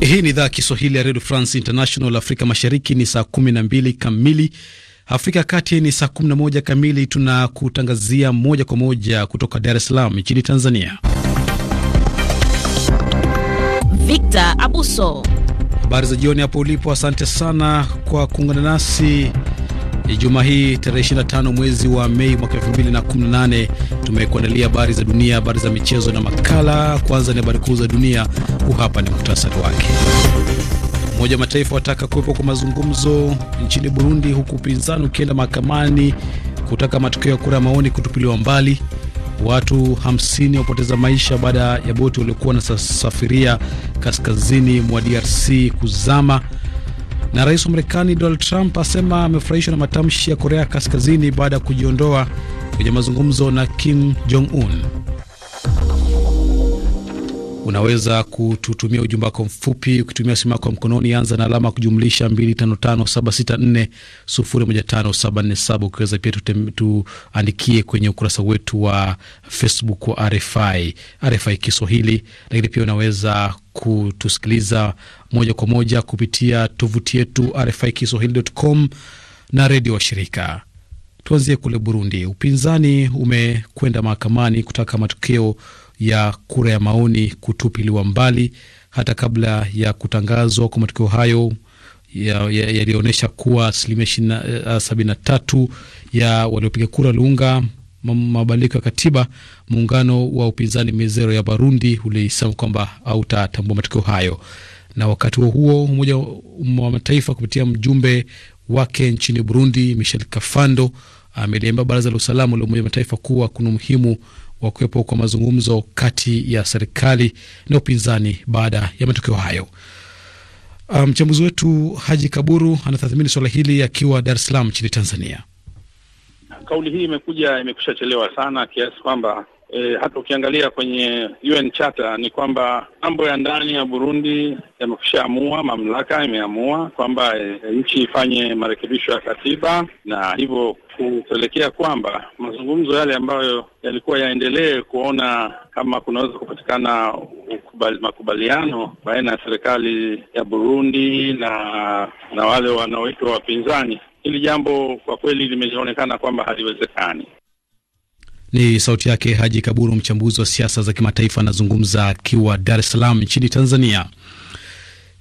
Hii ni idhaa ya Kiswahili ya redio France International. Afrika Mashariki ni saa 12 kamili, Afrika ya Kati ni saa 11 kamili. Tunakutangazia moja kwa moja kutoka Dar es Salaam nchini Tanzania. Victor Abuso, habari za jioni hapo ulipo. Asante sana kwa kuungana nasi Ijumaa hii tarehe 25 mwezi wa Mei mwaka 2018 tumekuandalia habari za dunia, habari za michezo na makala. Kwanza ni habari kuu za dunia, huu hapa ni muhtasari wake. Umoja wa Mataifa wataka kuwepo kwa mazungumzo nchini Burundi, huku upinzani ukienda mahakamani kutaka matokeo ya kura ya maoni kutupiliwa mbali. Watu 50 wapoteza maisha baada ya boti waliokuwa wanasafiria kaskazini mwa DRC kuzama. Na rais wa Marekani Donald Trump asema amefurahishwa na matamshi ya Korea Kaskazini baada ya kujiondoa kwenye mazungumzo na Kim Jong Un. Unaweza kututumia ujumbe wako mfupi ukitumia simu yako mkononi, anza na alama kujumlisha 255764015747. Ukiweza pia tuandikie kwenye ukurasa wetu wa Facebook wa RFI RFI Kiswahili, lakini pia unaweza kutusikiliza moja kwa moja kupitia tovuti yetu RFI Kiswahili.com na redio wa shirika. Tuanzie kule Burundi, upinzani umekwenda mahakamani kutaka matokeo ya kura ya maoni kutupiliwa mbali hata kabla ya kutangazwa kwa matokeo hayo yalionyesha ya, ya kuwa asilimia eh, ah, sabini na tatu ya waliopiga kura waliunga mabadiliko ya katiba. Muungano wa upinzani Mizero ya Barundi ulisema kwamba hautatambua matokeo hayo. Na wakati huo huo, Umoja wa Mataifa kupitia mjumbe wake nchini Burundi Michel Kafando ameliambia Baraza la Usalama la Umoja wa Mataifa kuwa kuna umuhimu wa kuwepo kwa mazungumzo kati ya serikali na upinzani baada ya matokeo hayo. Um, mchambuzi um, wetu Haji Kaburu anatathmini suala hili akiwa Dar es Salaam nchini Tanzania. Kauli hii imekuja imekusha chelewa sana kiasi kwamba E, hata ukiangalia kwenye UN Charter ni kwamba mambo ya ndani ya Burundi amua mamlaka imeamua kwamba e, nchi ifanye marekebisho ya katiba na hivyo kupelekea kwamba mazungumzo yale ambayo yalikuwa yaendelee kuona kama kunaweza kupatikana ukubali, makubaliano baina ya serikali ya Burundi na na wale wanaoitwa wapinzani. Hili jambo kwa kweli limeonekana kwamba haliwezekani. Ni sauti yake Haji Kaburu, mchambuzi wa siasa za kimataifa, anazungumza akiwa Dar es Salaam nchini Tanzania.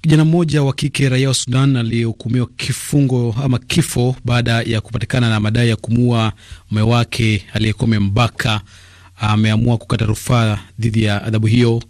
Kijana mmoja wa kike raia wa Sudan aliyehukumiwa kifungo ama kifo baada ya kupatikana na madai ya kumua mume wake aliyekuwa amembaka ameamua kukata rufaa dhidi ya adhabu hiyo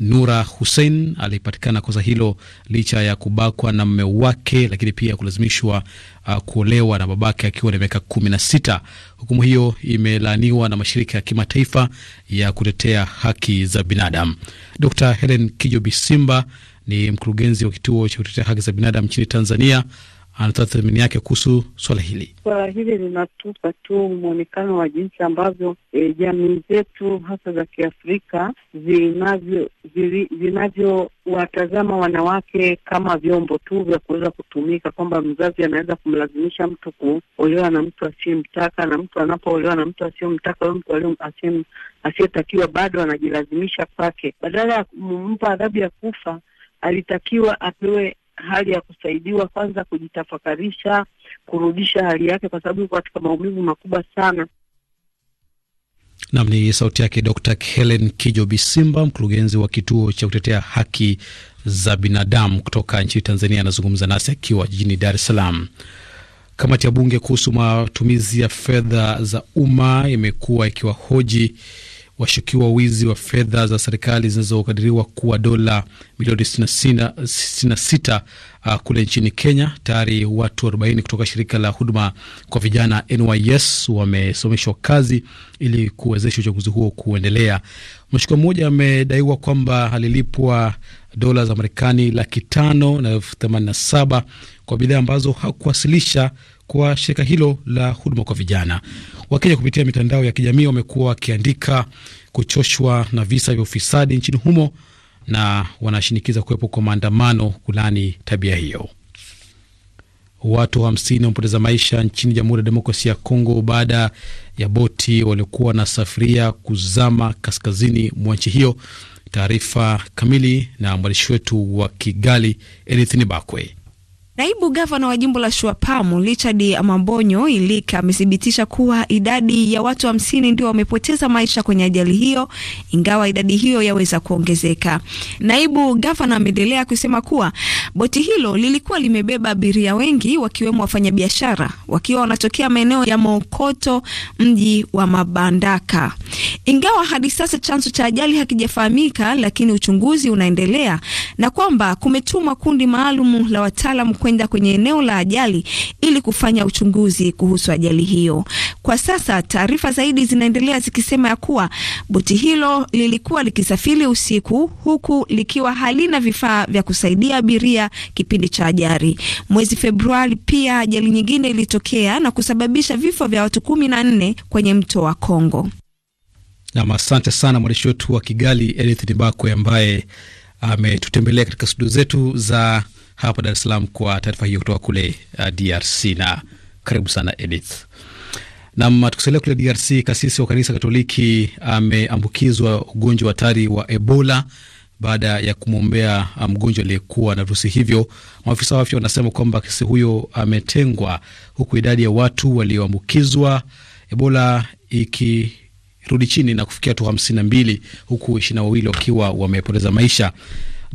Nura Hussein alipatikana kosa hilo licha ya kubakwa na mme wake, lakini pia kulazimishwa uh, kuolewa na babake akiwa na miaka kumi na sita. Hukumu hiyo imelaaniwa na mashirika ya kimataifa ya kutetea haki za binadamu. Dr Helen kijobisimba ni mkurugenzi wa kituo cha kutetea haki za binadamu nchini Tanzania anatoa tathmini yake kuhusu swala hili. Swala hili linatupa tu mwonekano wa jinsi ambavyo e, jamii zetu hasa za Kiafrika zinavyo zinavyowatazama wanawake kama vyombo tu vya kuweza kutumika, kwamba mzazi anaweza kumlazimisha mtu kuolewa na mtu asiyemtaka, na mtu anapoolewa na mtu asiyemtaka, huyo mtu asiyetakiwa bado anajilazimisha kwake, badala ya kumpa adhabu ya kufa alitakiwa apewe hali ya kusaidiwa kwanza kujitafakarisha, kurudisha hali yake, kwa sababu yuko katika maumivu makubwa sana. Nam ni sauti yake Dr. Helen Kijo Bisimba, mkurugenzi wa kituo cha kutetea haki za binadamu kutoka nchini Tanzania, anazungumza nasi akiwa jijini Dar es Salaam. Kamati ya bunge kuhusu matumizi ya fedha za umma imekuwa ikiwahoji washukiwa wizi wa fedha za serikali zinazokadiriwa kuwa dola milioni 66 uh, kule nchini Kenya. Tayari watu 40 kutoka shirika la huduma kwa vijana NYS wamesomeshwa kazi ili kuwezesha uchaguzi huo kuendelea. Mshukiwa mmoja amedaiwa kwamba alilipwa dola za Marekani laki tano na elfu themanini na saba kwa bidhaa ambazo hakuwasilisha kwa shirika hilo la huduma kwa vijana. Wakenya kupitia mitandao ya kijamii wamekuwa wakiandika kuchoshwa na visa vya ufisadi nchini humo na wanashinikiza kuwepo kwa maandamano kulani tabia hiyo. Watu hamsini wamepoteza maisha nchini Jamhuri ya Demokrasia ya Kongo baada ya boti waliokuwa na safiria kuzama kaskazini mwa nchi hiyo. Taarifa kamili na mwandishi wetu wa Kigali, Edith Nibakwe. Naibu gavana wa jimbo la Shuapamu Richard Amambonyo Ilika amethibitisha kuwa idadi ya watu hamsini ndio wamepoteza maisha kwenye ajali hiyo, ingawa idadi hiyo yaweza kuongezeka. Naibu gavana ameendelea kusema kuwa boti hilo lilikuwa limebeba abiria wengi, wakiwemo wafanyabiashara, wakiwa wanatokea maeneo ya Mokoto, mji wa Mabandaka. Ingawa hadi sasa chanzo cha ajali hakijafahamika, lakini uchunguzi unaendelea na kwamba kumetumwa kundi maalum la wataalam kwenda kwenye eneo la ajali ili kufanya uchunguzi kuhusu ajali hiyo. Kwa sasa taarifa zaidi zinaendelea zikisema ya kuwa boti hilo lilikuwa likisafiri usiku huku likiwa halina vifaa vya kusaidia abiria kipindi cha ajali. Mwezi Februari pia ajali nyingine ilitokea na kusababisha vifo vya watu kumi na nne kwenye mto wa Kongo. Nam, asante sana mwandishi wetu wa Kigali Edith Nibakwe ambaye ametutembelea katika studio zetu za hapa Dar es Salaam kwa taarifa hiyo kutoka kule uh, DRC na karibu sana Edith. Nam, tukisalia kule DRC, kasisi wa kanisa Katoliki ameambukizwa ugonjwa hatari wa Ebola baada ya kumwombea um, mgonjwa aliyekuwa na virusi hivyo. Maafisa wa afya wanasema kwamba kasisi huyo ametengwa, huku idadi ya watu walioambukizwa Ebola iki rudi chini na kufikia watu hamsini na mbili huku ishirini na wawili wakiwa wamepoteza maisha.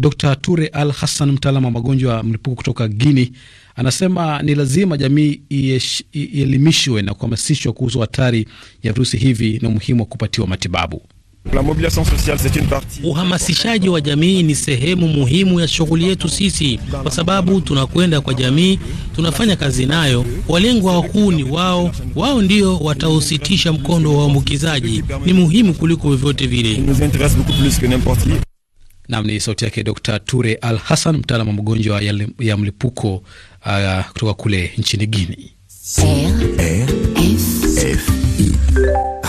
Dr Ture Al Hassan, mtaalamu wa magonjwa ya mlipuko kutoka Guini, anasema ni lazima jamii ielimishwe na kuhamasishwa kuhusu hatari ya virusi hivi na umuhimu wa kupatiwa matibabu. Uhamasishaji wa jamii ni sehemu muhimu ya shughuli yetu sisi, kwa sababu tunakwenda kwa jamii, tunafanya kazi nayo. Walengwa wakuu ni wao, wao ndio watausitisha mkondo wa uambukizaji. Ni muhimu kuliko vyovyote vile. Nam ni sauti yake Dr Ture Al Hassan, mtaalam wa magonjwa ya mlipuko uh, kutoka kule nchini Guini.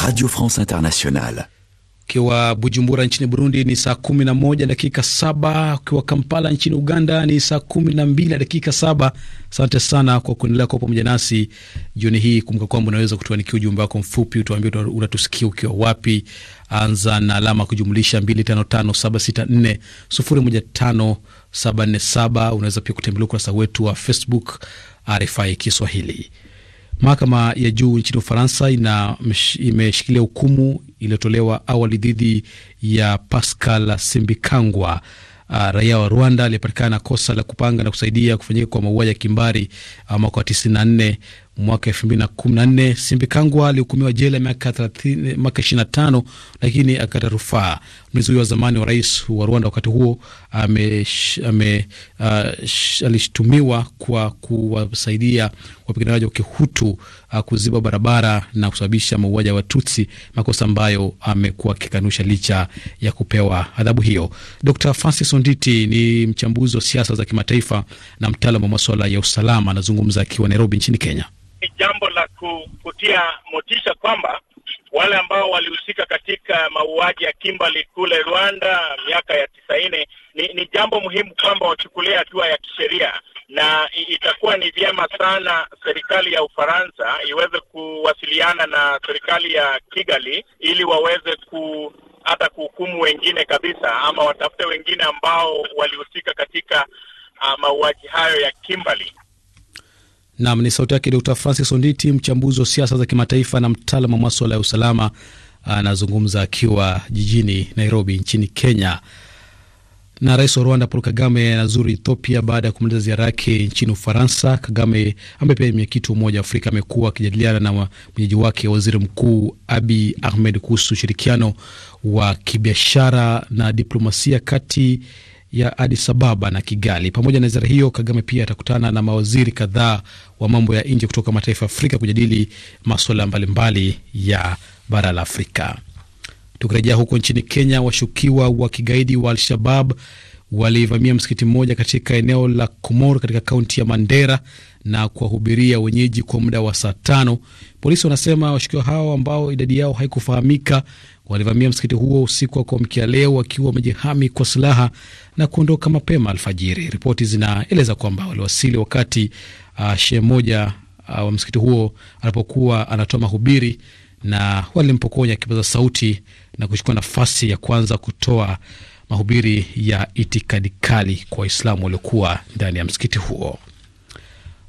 Radio France Internationale. Ukiwa Bujumbura nchini Burundi ni saa kumi na moja dakika saba. Ukiwa Kampala nchini Uganda ni saa kumi na mbili dakika saba. Asante sana kwa kuendelea kuwa pamoja nasi jioni hii. Kumbuka kwamba unaweza kutuanikia ujumbe wako mfupi, utuambie unatusikia ukiwa wapi. Anza na alama kujumlisha 255764015747. Unaweza pia kutembelea ukurasa wetu wa Facebook RFI Kiswahili. Mahakama ya juu nchini Ufaransa imeshikilia hukumu iliyotolewa awali dhidi ya Pascal Simbikangwa, uh, raia wa Rwanda aliyepatikana na kosa la kupanga na kusaidia kufanyika kwa mauaji ya kimbari uh, mwaka wa 94 mwaka 2014. Simbikangwa alihukumiwa jela miaka 25 lakini akata rufaa mlinzi huyo wa zamani wa rais wa Rwanda wakati huo ame, ame, uh, alishtumiwa kwa kuwasaidia wapiganaji wa kihutu uh, kuziba barabara na kusababisha mauaji ya Watutsi, makosa ambayo amekuwa akikanusha licha ya kupewa adhabu hiyo. Dr Francis Onditi ni mchambuzi wa siasa za kimataifa na mtaalam wa maswala ya usalama, anazungumza akiwa Nairobi nchini Kenya. Ni jambo la kutia motisha kwamba wale ambao walihusika katika mauaji ya Kimbali kule Rwanda miaka ya tisaini, ni, ni jambo muhimu kwamba wachukulie hatua ya kisheria na itakuwa ni vyema sana serikali ya Ufaransa iweze kuwasiliana na serikali ya Kigali ili waweze ku hata kuhukumu wengine kabisa, ama watafute wengine ambao walihusika katika uh, mauaji hayo ya Kimbali. Nam ni sauti yake Dr Francis Onditi, mchambuzi wa siasa za kimataifa na mtaalam wa maswala ya usalama, anazungumza akiwa jijini Nairobi nchini Kenya. Na rais wa Rwanda Paul Kagame anazuru Ethiopia baada ya kumaliza ziara yake nchini Ufaransa. Kagame ambaye pia mwenyekiti wa Umoja wa Afrika amekuwa akijadiliana na mwenyeji wake waziri mkuu Abi Ahmed kuhusu ushirikiano wa kibiashara na diplomasia kati ya Addis Ababa na Kigali. Pamoja na ziara hiyo, Kagame pia atakutana na mawaziri kadhaa wa mambo ya nje kutoka mataifa ya Afrika kujadili masuala mbalimbali ya bara la Afrika. Tukirejea huko nchini Kenya, washukiwa wa kigaidi wa Al-Shabab walivamia msikiti mmoja katika eneo la komor katika kaunti ya Mandera na kuwahubiria wenyeji kwa muda wa saa tano. Polisi wanasema washukiwa hao ambao idadi yao haikufahamika walivamia msikiti huo usiku wa kuamkia leo wakiwa wamejihami kwa silaha na kuondoka mapema alfajiri. Ripoti zinaeleza kwamba waliwasili wakati uh, shehe moja uh, ah, wa msikiti huo alipokuwa anatoa mahubiri na walimpokonya kipaza sauti na kuchukua nafasi ya kwanza kutoa mahubiri ya itikadi kali kwa Waislamu waliokuwa ndani ya msikiti huo.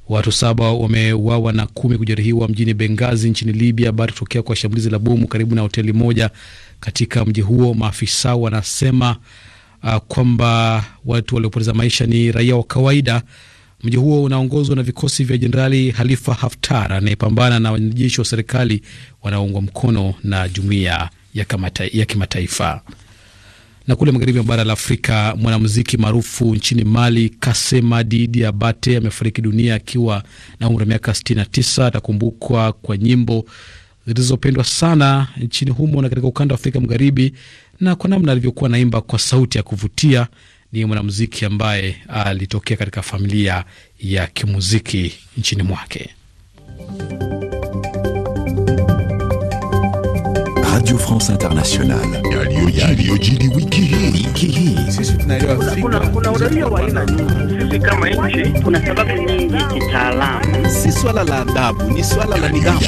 Watu saba wameuawa na kumi kujeruhiwa mjini Bengazi nchini Libya baada ya kutokea kwa shambulizi la bomu karibu na hoteli moja katika mji huo. Maafisa wanasema uh, kwamba watu waliopoteza maisha ni raia wa kawaida. Mji huo unaongozwa na vikosi vya Jenerali Halifa Haftar anayepambana na wanajeshi wa serikali wanaoungwa mkono na jumuiya ya kimataifa. Na kule magharibi mwa bara la Afrika, mwanamuziki maarufu nchini Mali, Kasema Didi Abate amefariki dunia akiwa na umri wa miaka 69. Atakumbukwa kwa nyimbo zilizopendwa sana nchini humo na katika ukanda wa Afrika Magharibi, na kwa namna alivyokuwa naimba kwa sauti ya kuvutia. Ni mwanamuziki ambaye alitokea katika familia ya kimuziki nchini mwake. Radio France Internationale. Yaliyojiri Si swala la adabu, ni swala la nidhamu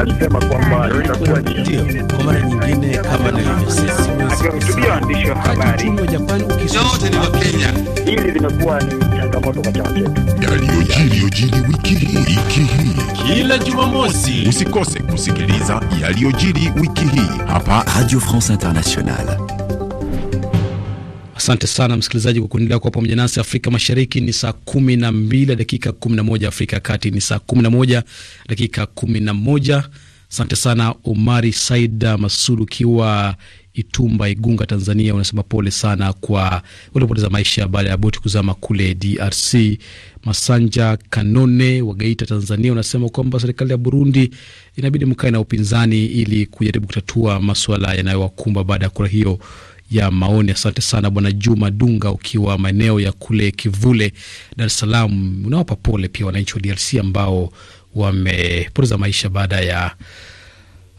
alisema kwamba ndio kwa mara nyingine, kama nilivyosisitiza, waandishi wa habari wote ni Hili limekuwa ni changamoto kwa chama chetu. Yaliyojiri wiki hii kila Jumamosi, usikose kusikiliza yaliyojiri wiki hii hapa Radio France Internationale. Asante sana msikilizaji kwa kuendelea kuwa pamoja nasi. Afrika Mashariki ni saa kumi na mbili dakika kumi na moja Afrika ya Kati ni saa kumi na moja dakika kumi na moja Asante sana Omari Saida Masud ukiwa Itumba, Igunga, Tanzania, unasema pole sana kwa waliopoteza maisha baada ya boti kuzama kule DRC. Masanja Kanone wa Geita, Tanzania, unasema kwamba serikali ya Burundi inabidi mkae na upinzani ili kujaribu kutatua masuala yanayowakumba baada ya kura hiyo ya maoni. Asante sana Bwana Juma Dunga, ukiwa maeneo ya kule Kivule, Dar es Salaam. Unawapa pole pia wananchi wa DRC ambao wamepoteza maisha baada ya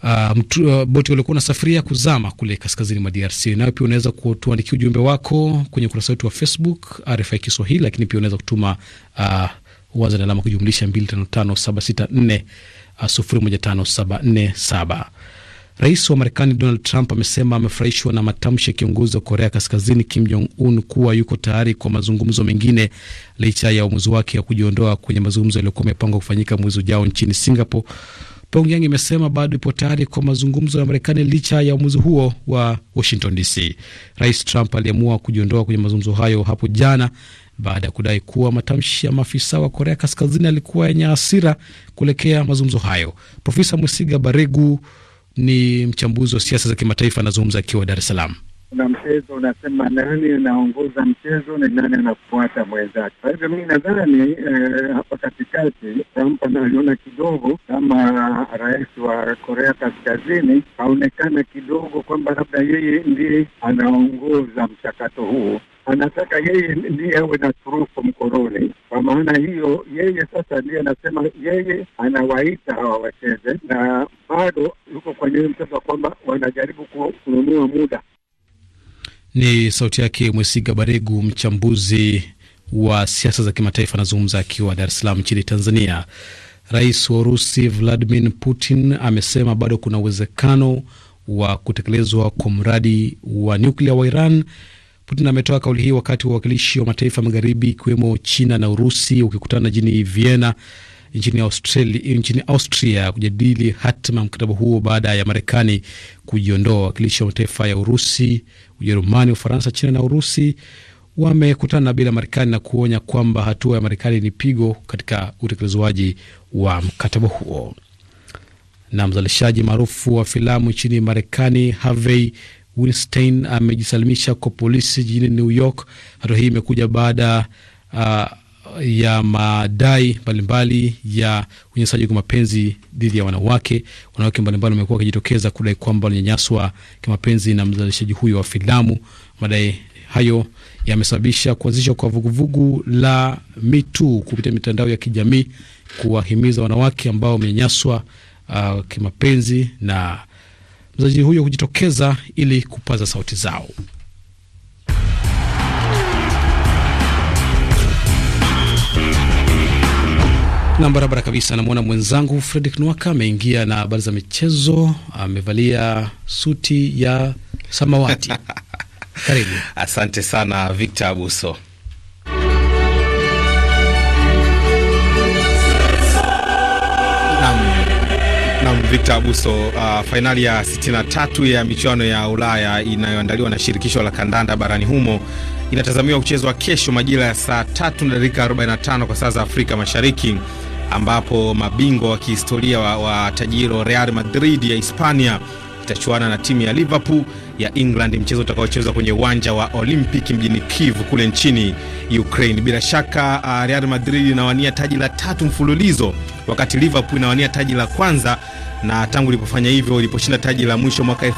Uh, mtu, uh, boti waliokuwa unasafiria kuzama kule kaskazini mwa DRC. Nayo pia unaweza kutuandikia ujumbe wako kwenye ukurasa wetu wa Facebook RFI Kiswahili, lakini pia unaweza kutuma uh, waza na alama kujumlisha 255764 uh, Rais wa Marekani Donald Trump amesema amefurahishwa na matamshi ya kiongozi wa Korea Kaskazini Kim Jong Un kuwa yuko tayari kwa mazungumzo mengine licha ya uamuzi wake wa kujiondoa kwenye mazungumzo yaliyokuwa amepangwa kufanyika mwezi ujao nchini Singapore. Pyongyang imesema bado ipo tayari kwa mazungumzo ya Marekani licha ya uamuzi huo wa Washington DC. Rais Trump aliamua kujiondoa kwenye mazungumzo hayo hapo jana baada ya kudai kuwa matamshi ya maafisa wa Korea Kaskazini alikuwa yenye hasira kuelekea mazungumzo hayo. Profesa Mwesiga Baregu ni mchambuzi wa siasa za kimataifa, anazungumza akiwa Dar es Salaam. Kuna mchezo unasema nani anaongoza mchezo ni nani anafuata mwenzake. Kwa hivyo mi nadhani hapa eh, hapa katikati Trump analiona kidogo kama rais wa Korea Kaskazini, aonekana kidogo kwamba labda yeye ndiye anaongoza mchakato huo, anataka yeye ndiye awe na turufu mkononi. Kwa maana hiyo, yeye sasa ndiye anasema yeye anawaita hawa wacheze, na bado yuko kwenye mchezo wa kwamba wanajaribu kununua muda. Ni sauti yake Mwesiga Baregu, mchambuzi wa siasa za kimataifa, anazungumza akiwa Dar es Salaam nchini Tanzania. Rais wa Urusi Vladimir Putin amesema bado kuna uwezekano wa kutekelezwa kwa mradi wa nyuklia wa Iran Putin ametoa kauli hii wakati wa wakilishi wa mataifa magharibi ikiwemo China na Urusi ukikutana jini Vienna nchini austria nchini Austria kujadili hatima mkataba huo baada ya Marekani kujiondoa. Wakilishi wa mataifa ya Urusi, Ujerumani, Ufaransa, China na Urusi wamekutana bila Marekani na kuonya kwamba hatua ya Marekani ni pigo katika utekelezwaji wa mkataba huo. Na mzalishaji maarufu wa filamu nchini Marekani Harvey Weinstein amejisalimisha kwa polisi jijini New York. Hatua hii imekuja baada uh, ya madai mbalimbali ya unyanyasaji kwa mapenzi dhidi ya wanawake. Wanawake mbalimbali wamekuwa wakijitokeza kudai kwamba walinyanyaswa kimapenzi na mzalishaji huyo wa filamu. Madai hayo yamesababisha kuanzishwa kwa vuguvugu la mitu kupitia mitandao ya kijamii kuwahimiza wanawake ambao wamenyanyaswa uh, kimapenzi na mchezaji huyo kujitokeza ili kupaza sauti zao. na barabara kabisa, namwona mwenzangu Fredrick Nwaka ameingia na habari za michezo, amevalia suti ya samawati. Karibu. Asante sana Victor Abuso. Victor Abuso. Uh, fainali ya 63 ya michuano ya Ulaya inayoandaliwa na shirikisho la kandanda barani humo inatazamiwa kuchezwa kesho majira ya saa 3 na dakika 45 kwa saa za Afrika Mashariki, ambapo mabingwa wa kihistoria wa, wa tajiro Real Madrid ya Hispania itachuana na timu ya Liverpool ya England, mchezo utakaochezwa kwenye uwanja wa Olympic mjini Kiev kule nchini Ukraine. Bila shaka uh, Real Madrid inawania taji la tatu mfululizo, wakati Liverpool inawania taji la kwanza na tangu ilipofanya hivyo iliposhinda taji la mwisho mwaka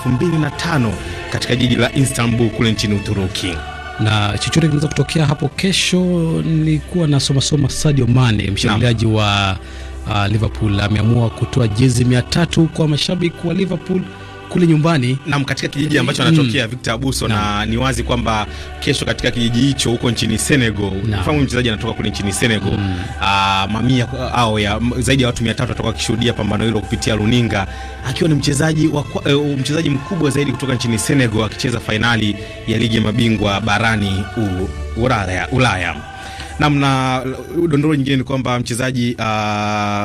tano katika jiji la Istanbul kule nchini Uturuki. Na chochote kinaweza kutokea hapo kesho. Nilikuwa nasomasoma Sadio Mane, mshambuliaji wa uh, Liverpool ameamua kutoa jezi mia tatu kwa mashabiki wa Liverpool kule nyumbani nam katika kijiji ambacho mm. anatokea mm. Victor Abuso na, na ni wazi kwamba kesho katika kijiji hicho huko nchini Senegal, unafahamu mchezaji anatoka kule nchini Senegal mm. Uh, mamia au ya zaidi ya watu 300 watakuwa kishuhudia pambano hilo kupitia runinga, akiwa ni mchezaji wa uh, mchezaji mkubwa zaidi kutoka nchini Senegal akicheza fainali ya ligi ya mabingwa barani u, Ulaya, Ulaya. Namna uh, dondoro nyingine ni kwamba mchezaji uh,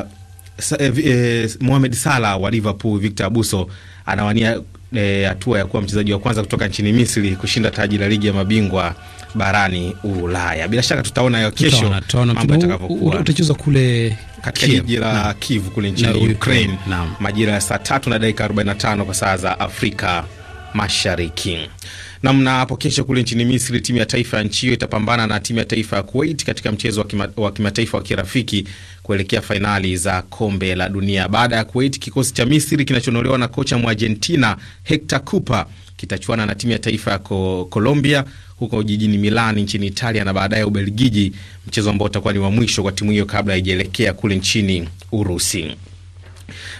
Sa, eh, eh, Mohamed Salah wa Liverpool Victor Abuso anawania e, hatua e, ya kuwa mchezaji wa kwanza kutoka nchini Misri kushinda taji la ligi ya mabingwa barani Ulaya. Bila shaka tutaona hiyo kesho mambo yatakavyokuwa. Utacheza kule katika jiji la Kiev kule nchini Ukraine majira ya saa tatu na dakika 45 kwa saa za Afrika Mashariki. Namna hapo kesho kule nchini Misri, timu ya taifa ya nchi hiyo itapambana na timu ya taifa ya Kuwait katika mchezo wa kimataifa wa kirafiki kuelekea fainali za kombe la dunia. Baada ya Kuwait, kikosi cha Misri kinachonolewa na kocha Mwargentina Hector Cuper kitachuana na timu ya taifa ya Colombia huko jijini Milan nchini Italia na baadaye Ubelgiji, mchezo ambao utakuwa ni wa mwisho kwa timu hiyo kabla haijaelekea kule nchini Urusi.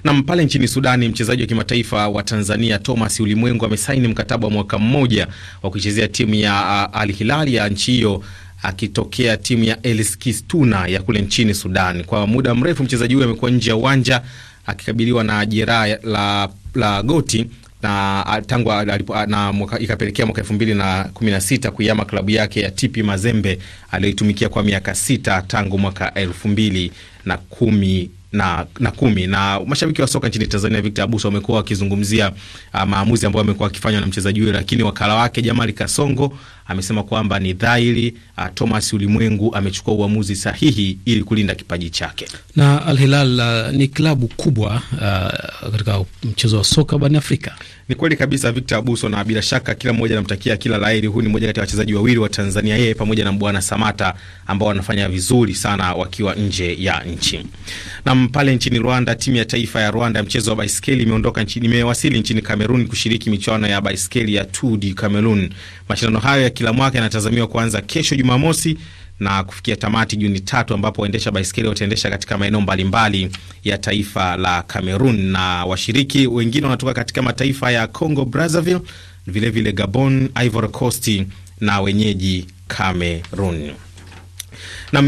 Nam pale nchini Sudani, mchezaji wa kimataifa wa Tanzania Thomas Ulimwengu amesaini mkataba wa mwaka mmoja wa kuchezea timu ya Al Hilal ya nchi hiyo akitokea timu ya LSK ya kule nchini Sudan. Kwa muda mrefu mchezaji huyo amekuwa nje ya uwanja akikabiliwa na jeraha la, la goti na tangu ikapelekea mwaka elfu mbili na kumi na sita kuiama klabu yake ya TP Mazembe aliyoitumikia kwa miaka sita tangu mwaka elfu mbili na kumi na, na kumi na mashabiki wa soka nchini Tanzania Victor Abuso wamekuwa wakizungumzia uh, maamuzi ambayo amekuwa akifanywa na mchezaji huyo, lakini wakala wake Jamali Kasongo amesema kwamba ni dhahiri uh, Thomas Ulimwengu amechukua uamuzi sahihi ili kulinda kipaji chake. Na Al Hilal uh, ni klabu kubwa uh, katika mchezo wa soka barani Afrika. Ni kweli kabisa Victor Abuso, na bila shaka kila mmoja anamtakia kila laheri. Huyu ni mmoja kati ya wachezaji wawili wa Tanzania, yeye pamoja na Mbwana Samata ambao wanafanya vizuri sana wakiwa nje ya nchi. Na pale nchini Rwanda, timu ya taifa ya Rwanda ya mchezo wa baiskeli imeondoka nchini, imewasili nchini Kamerun kushiriki michuano ya baiskeli ya Tour du Cameroon. Mashindano hayo ya kila mwaka yanatazamiwa kuanza kesho Jumamosi na kufikia tamati Juni tatu ambapo waendesha baiskeli wataendesha katika maeneo mbalimbali ya taifa la Cameroon, na washiriki wengine wanatoka katika mataifa ya Congo Brazzaville, vilevile Gabon, Ivory Coast na wenyeji Cameroon na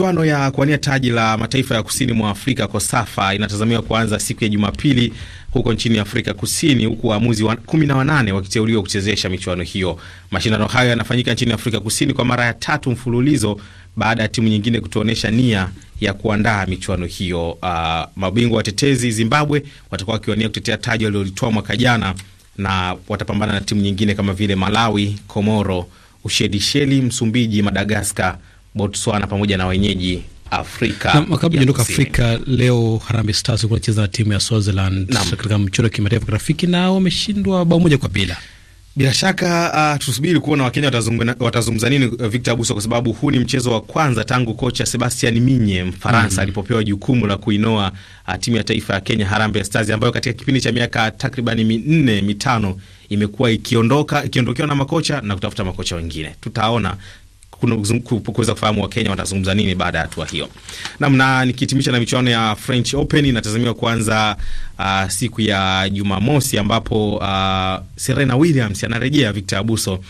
michuano ya kuwania taji la mataifa ya kusini mwa Afrika kwa SAFA inatazamiwa kuanza siku ya Jumapili huko nchini Afrika Kusini, huku waamuzi wa kumi na wanane wakiteuliwa kuchezesha michuano hiyo. Mashindano hayo yanafanyika nchini Afrika Kusini kwa mara ya tatu mfululizo baada ya timu nyingine kutuonyesha nia ya kuandaa michuano hiyo. Uh, mabingwa watetezi Zimbabwe watakuwa wakiwania kutetea taji waliolitoa mwaka jana na watapambana na timu nyingine kama vile Malawi, Komoro, Ushelisheli, Msumbiji, Madagaskar Botswana pamoja na wenyeji Afrika. Afrika leo, Harambee Stars ilikuwa na timu ya Swaziland katika mchoro wa kimataifa kirafiki na wameshindwa bao moja kwa bila. Bila shaka uh, tusubiri kuona Wakenya watazungumza nini, Victor Abuso, kwa sababu huu ni mchezo wa kwanza tangu kocha Sebastian Minye Mfaransa mm, alipopewa jukumu la kuinoa uh, timu ya taifa ya Kenya Harambee Stars ambayo katika kipindi cha miaka takriban minne mitano imekuwa ikiondoka ikiondokewa na makocha na kutafuta makocha wengine. Tutaona kuweza kufahamu Wakenya watazungumza nini baada ya hatua hiyo. Nam nikihitimisha na michuano ya French Open inatazamiwa kuanza uh, siku ya Jumamosi ambapo uh, Serena Williams anarejea Victor Abuso uh,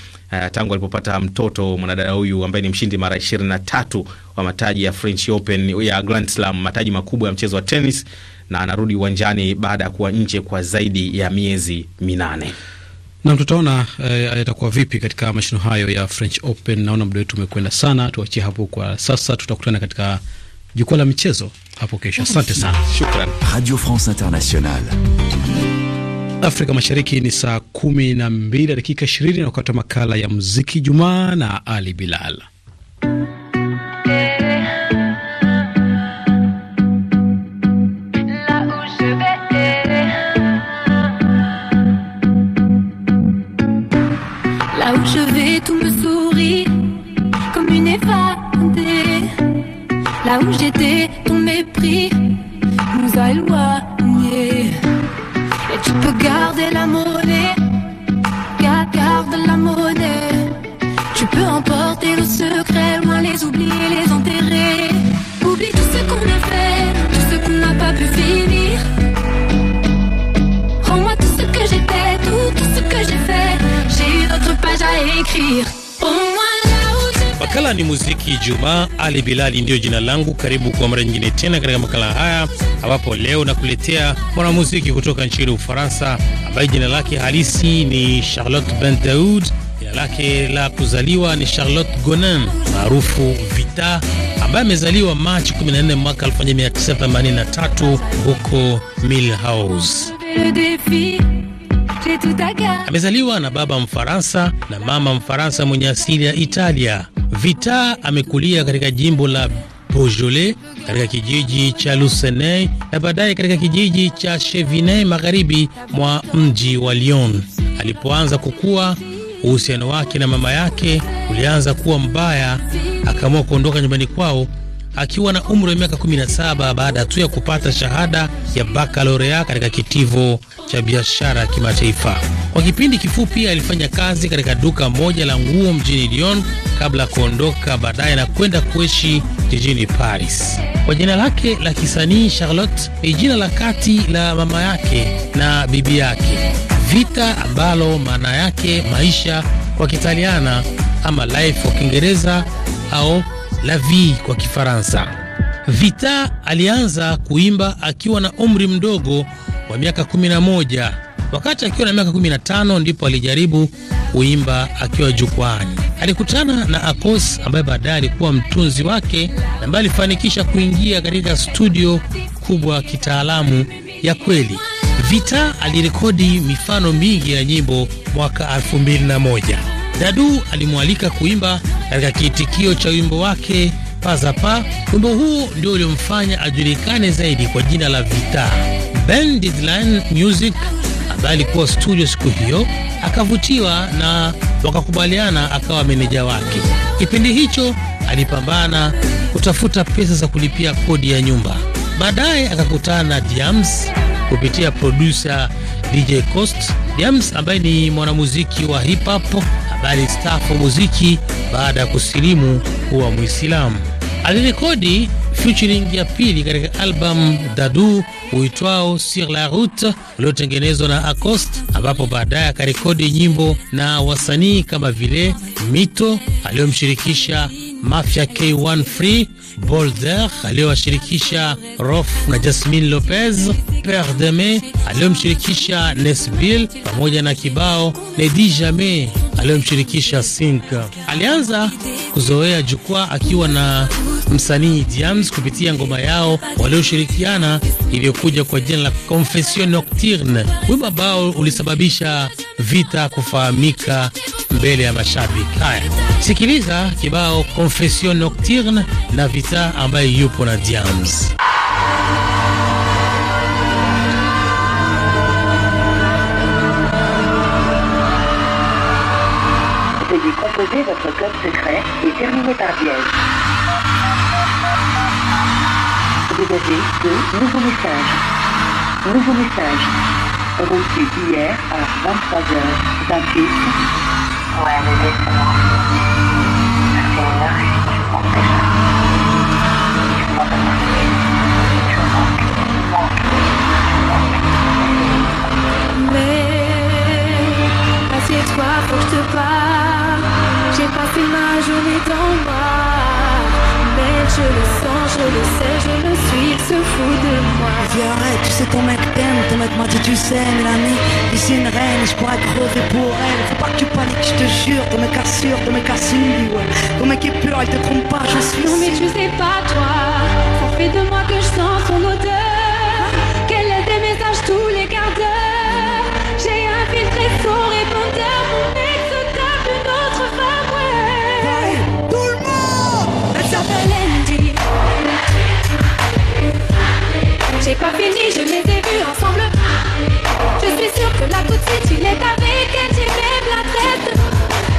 tangu alipopata mtoto mwanadada huyu ambaye ni mshindi mara ishirini na tatu wa mataji ya French Open ya Grand Slam, mataji makubwa ya mchezo wa tennis, na anarudi uwanjani baada ya kuwa nje kwa zaidi ya miezi minane. Nam, tutaona eh, yatakuwa e, vipi katika mashindano hayo ya French Open. Naona muda wetu umekwenda sana, tuachie hapo kwa sasa. Tutakutana katika jukwaa la michezo hapo kesho. Asante sana, shukran. Radio France Internationale. Afrika Mashariki ni saa kumi na mbili dakika ishirini na wakati wa makala ya muziki Jumaa na Ali Bilal. Là où j'étais, ton mépris nous a éloignés. Et tu peux garder la monnaie, garde la monnaie. Tu peux emporter le secret, loin les oublier, les enterrer. Oublie tout ce qu'on a fait, tout ce qu'on n'a pas pu finir. Rends-moi tout ce que j'étais, tout, tout ce que j'ai fait. J'ai eu d'autres pages à écrire. Makala ni muziki Jumaa. Ali Bilali ndiyo jina langu. Karibu kwa mara nyingine tena katika makala haya, ambapo leo nakuletea mwanamuziki kutoka nchini Ufaransa ambaye jina lake halisi ni Charlotte Bentaud, Jina lake la kuzaliwa ni Charlotte Gonin maarufu Vita, ambaye amezaliwa Machi 14 mwaka 1983 huko Milhouse. Amezaliwa na baba Mfaransa na mama Mfaransa mwenye asili ya Italia. Vita amekulia katika jimbo la bojole katika kijiji cha Luseney na baadaye katika kijiji cha chevine magharibi mwa mji wa Lyon. Alipoanza kukua, uhusiano wake na mama yake ulianza kuwa mbaya, akaamua kuondoka nyumbani kwao akiwa na umri wa miaka 17 baada tu ya kupata shahada ya bakalorea katika kitivo cha biashara kimataifa. Kwa kipindi kifupi alifanya kazi katika duka moja la nguo mjini Lyon kabla ya kuondoka baadaye na kwenda kuishi jijini Paris. Kwa jina lake la kisanii Charlotte ni jina la kati la mama yake na bibi yake, vita ambalo maana yake maisha kwa Kitaliana ama life kwa Kiingereza au la Vie kwa Kifaransa. Vita alianza kuimba akiwa na umri mdogo wa miaka 11. Wakati akiwa na miaka 15 ndipo alijaribu kuimba akiwa jukwani. Alikutana na Akos ambaye baadaye alikuwa mtunzi wake, ambaye alifanikisha kuingia katika studio kubwa kitaalamu ya kweli. Vita alirekodi mifano mingi ya nyimbo mwaka 2001. Dadu alimwalika kuimba katika kiitikio cha wimbo wake Pazapa. Wimbo huu ndio uliomfanya ajulikane zaidi kwa jina la Vita. Ben Didline Music ambaye alikuwa studio siku hiyo akavutiwa na wakakubaliana akawa meneja wake. Kipindi hicho alipambana kutafuta pesa za kulipia kodi ya nyumba. Baadaye akakutana na Diams kupitia producer DJ Coast. Diams ambaye ni mwanamuziki wa hip hop bali stafu muziki baada ya kusilimu kuwa Muislamu. Alirekodi featuring ya pili katika albamu Dadu uitwao Sur la Route uliotengenezwa na Acost, ambapo baadaye akarekodi nyimbo na wasanii kama vile Mito aliyomshirikisha Mafia K1 Free, Bolder aliyowashirikisha Rof na Jasmine Lopez, Père Deme aliyomshirikisha Nesville pamoja na kibao Ne Dis Jamais aliyomshirikisha Sinka. Alianza kuzoea jukwaa akiwa na msanii Diams kupitia ngoma yao walioshirikiana iliyokuja kwa jina la Confession Nocturne, wimbo ambao ulisababisha vita kufahamika mbele ya mashabiki. Haya, sikiliza kibao Confession Nocturne na Vita ambaye yupo na Diams. Tapez votre code secret et terminez par dièse. Dégagez avez nouveau nouveaux messages. Nouveau message. Reçu hier à 23h28. Ouais, mais c'est moi. C'est une heure et tu prends déjà. Tu m'as marqué. Tu manques. Tu manques. Tu manques. Mais, assieds-toi, pour que je te parle. J'ai passé ma journée dans moi Mais je le sens, je le sais, je me suis, il se fout de moi. Viens, arrête, tu sais, ton mec t'aime, ton mec m'a dit, tu sais, l'ami, ici une reine, je pourrais crever pour elle. Faut pas que tu paniques, je te jure, ton mec assure, ton mec assume, ouais. Ton mec est pur, il te trompe pas, je suis. Non, mais tu sais pas, toi, ça fait de moi que je sens ton odeur. C'est pas fini, je les ai vus ensemble. Je suis sûr que la de suite, il est avec elle, j'ai même la tête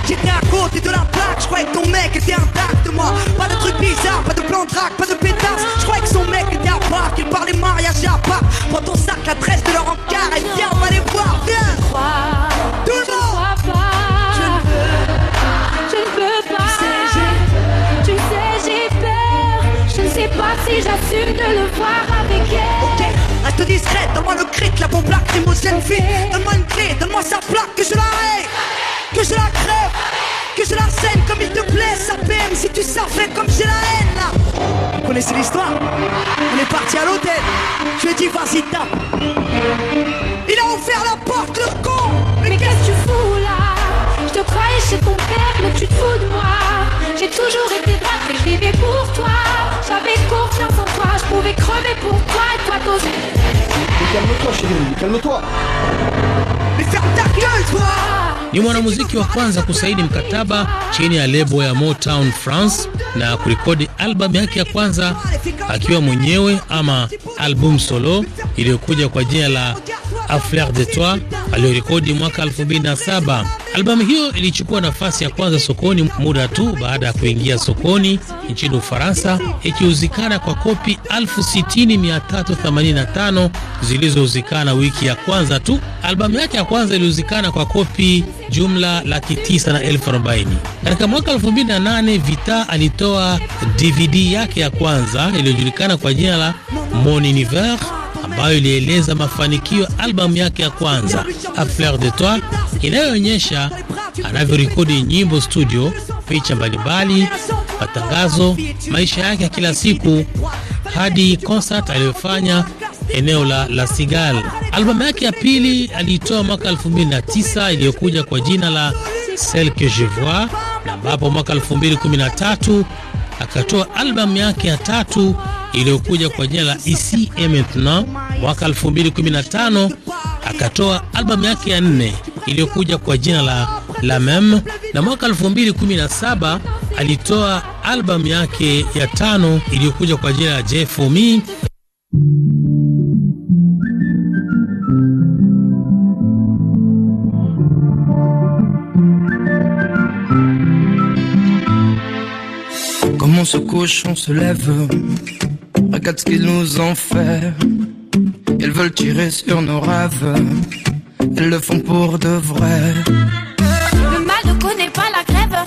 J'étais à côté de la plaque, je croyais que ton mec était intact de moi. Pas de truc bizarre, pas de plan de pas de pétasse. Je croyais que son mec était à part, qu'il parlait mariage à part. Prends ton sac, l'adresse de leur encart et viens, on va les voir, viens. Tout le monde. Je ne veux pas, je ne veux pas. Tu sais, j'ai peur. Je ne sais pas si j'assume de le voir ok Reste discret, donne-moi le crit, la bombe lacrymogène fille Donne-moi une clé, donne-moi sa plaque, que je la règle, Que je la crève, que je la scène comme il te plaît Sa PM si tu savais comme j'ai la haine là Vous connaissez l'histoire On est parti à l'hôtel, je lui ai dit vas-y tape Il a ouvert la porte le con Mais, qu'est-ce que tu fous là Je te croyais chez ton père mais tu te fous de moi J'ai toujours été brave et je vivais pour toi J'avais confiance en toi, je pouvais crever pour toi et toi Mais Calme-toi chérie, calme-toi. Ni mwanamuziki wa kwanza kusaini mkataba chini ya lebo ya Motown France na kurekodi albamu yake ya kwanza akiwa mwenyewe ama album solo iliyokuja kwa jina la Affaire de Toi aliyorekodi mwaka 2007. Albamu hiyo ilichukua nafasi ya kwanza sokoni muda tu baada ya kuingia sokoni nchini Ufaransa, ikiuzikana kwa kopi 60385 zilizouzikana wiki ya kwanza tu. Albamu yake ya kwanza iliuzikana kwa kopi jumla laki tisa na elfu arobaini. Katika mwaka 2008 Vita alitoa DVD yake ya kwanza iliyojulikana kwa jina la Mon Univers ambayo ilieleza mafanikio ya albamu yake ya kwanza A Fleur de Toi inayoonyesha anavyorekodi nyimbo studio, picha mbalimbali, matangazo, maisha yake ya kila siku hadi concert aliyofanya eneo la La Cigale. Albamu yake ya pili aliitoa mwaka 2009 iliyokuja kwa jina la Celle que je vois, na ambapo mwaka 2013 akatoa albamu yake ya tatu iliyokuja kwa jina la Ici et Maintenant. Mwaka 2015 akatoa albamu yake ya nne Il iliyokuja kwa jina la La Meme, na mwaka 2017 alitoa albamu yake ya tano iliyokuja kwa jina la J for Me. Comme on se couche, on se lève. Regarde ce qu'ils nous ont fait. Ils veulent tirer sur nos rêves. Elles le font pour de vrai. Le mal ne connaît pas la grève.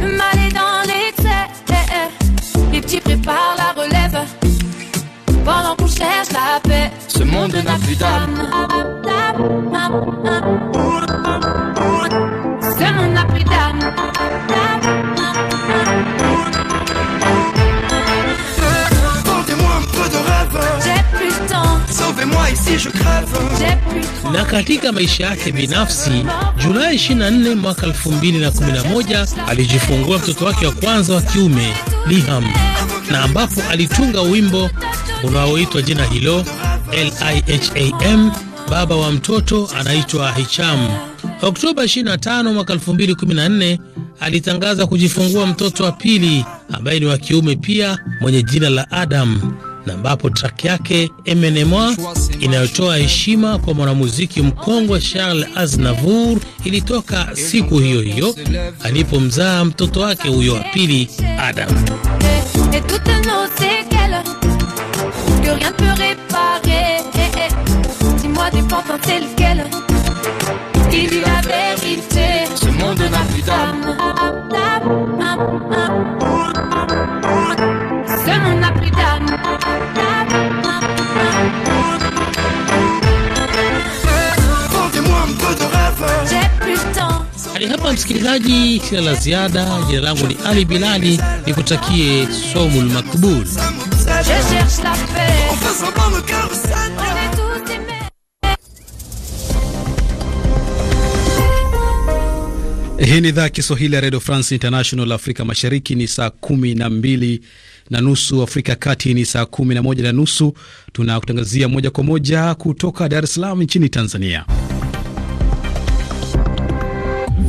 Le mal est dans les traits Les petits préparent la relève. Pendant qu'on cherche la paix. Ce monde n'a plus d'âme. Na katika maisha yake binafsi, Julai 24 mwaka 2011 alijifungua mtoto wake wa kwanza wa kiume Liham, na ambapo alitunga wimbo unaoitwa jina hilo Liham, baba wa mtoto anaitwa Hicham. Oktoba 25 mwaka 2014 alitangaza kujifungua mtoto wa pili ambaye ni wa kiume pia mwenye jina la Adam na ambapo track yake emenemwa inayotoa heshima kwa mwanamuziki mkongwe Charles Aznavour ilitoka siku hiyo hiyo alipomzaa mtoto wake huyo wa pili Adam. Hadi hapa msikilizaji, sina la ziada. Jina langu ni Ali Bilali, nikutakie somul makbul. Hii ni idhaa ya Kiswahili ya Radio France International. Afrika mashariki ni saa kumi na mbili na nusu, Afrika ya kati ni saa kumi na moja na nusu. Tunakutangazia moja kwa moja kutoka Dar es Salaam nchini Tanzania.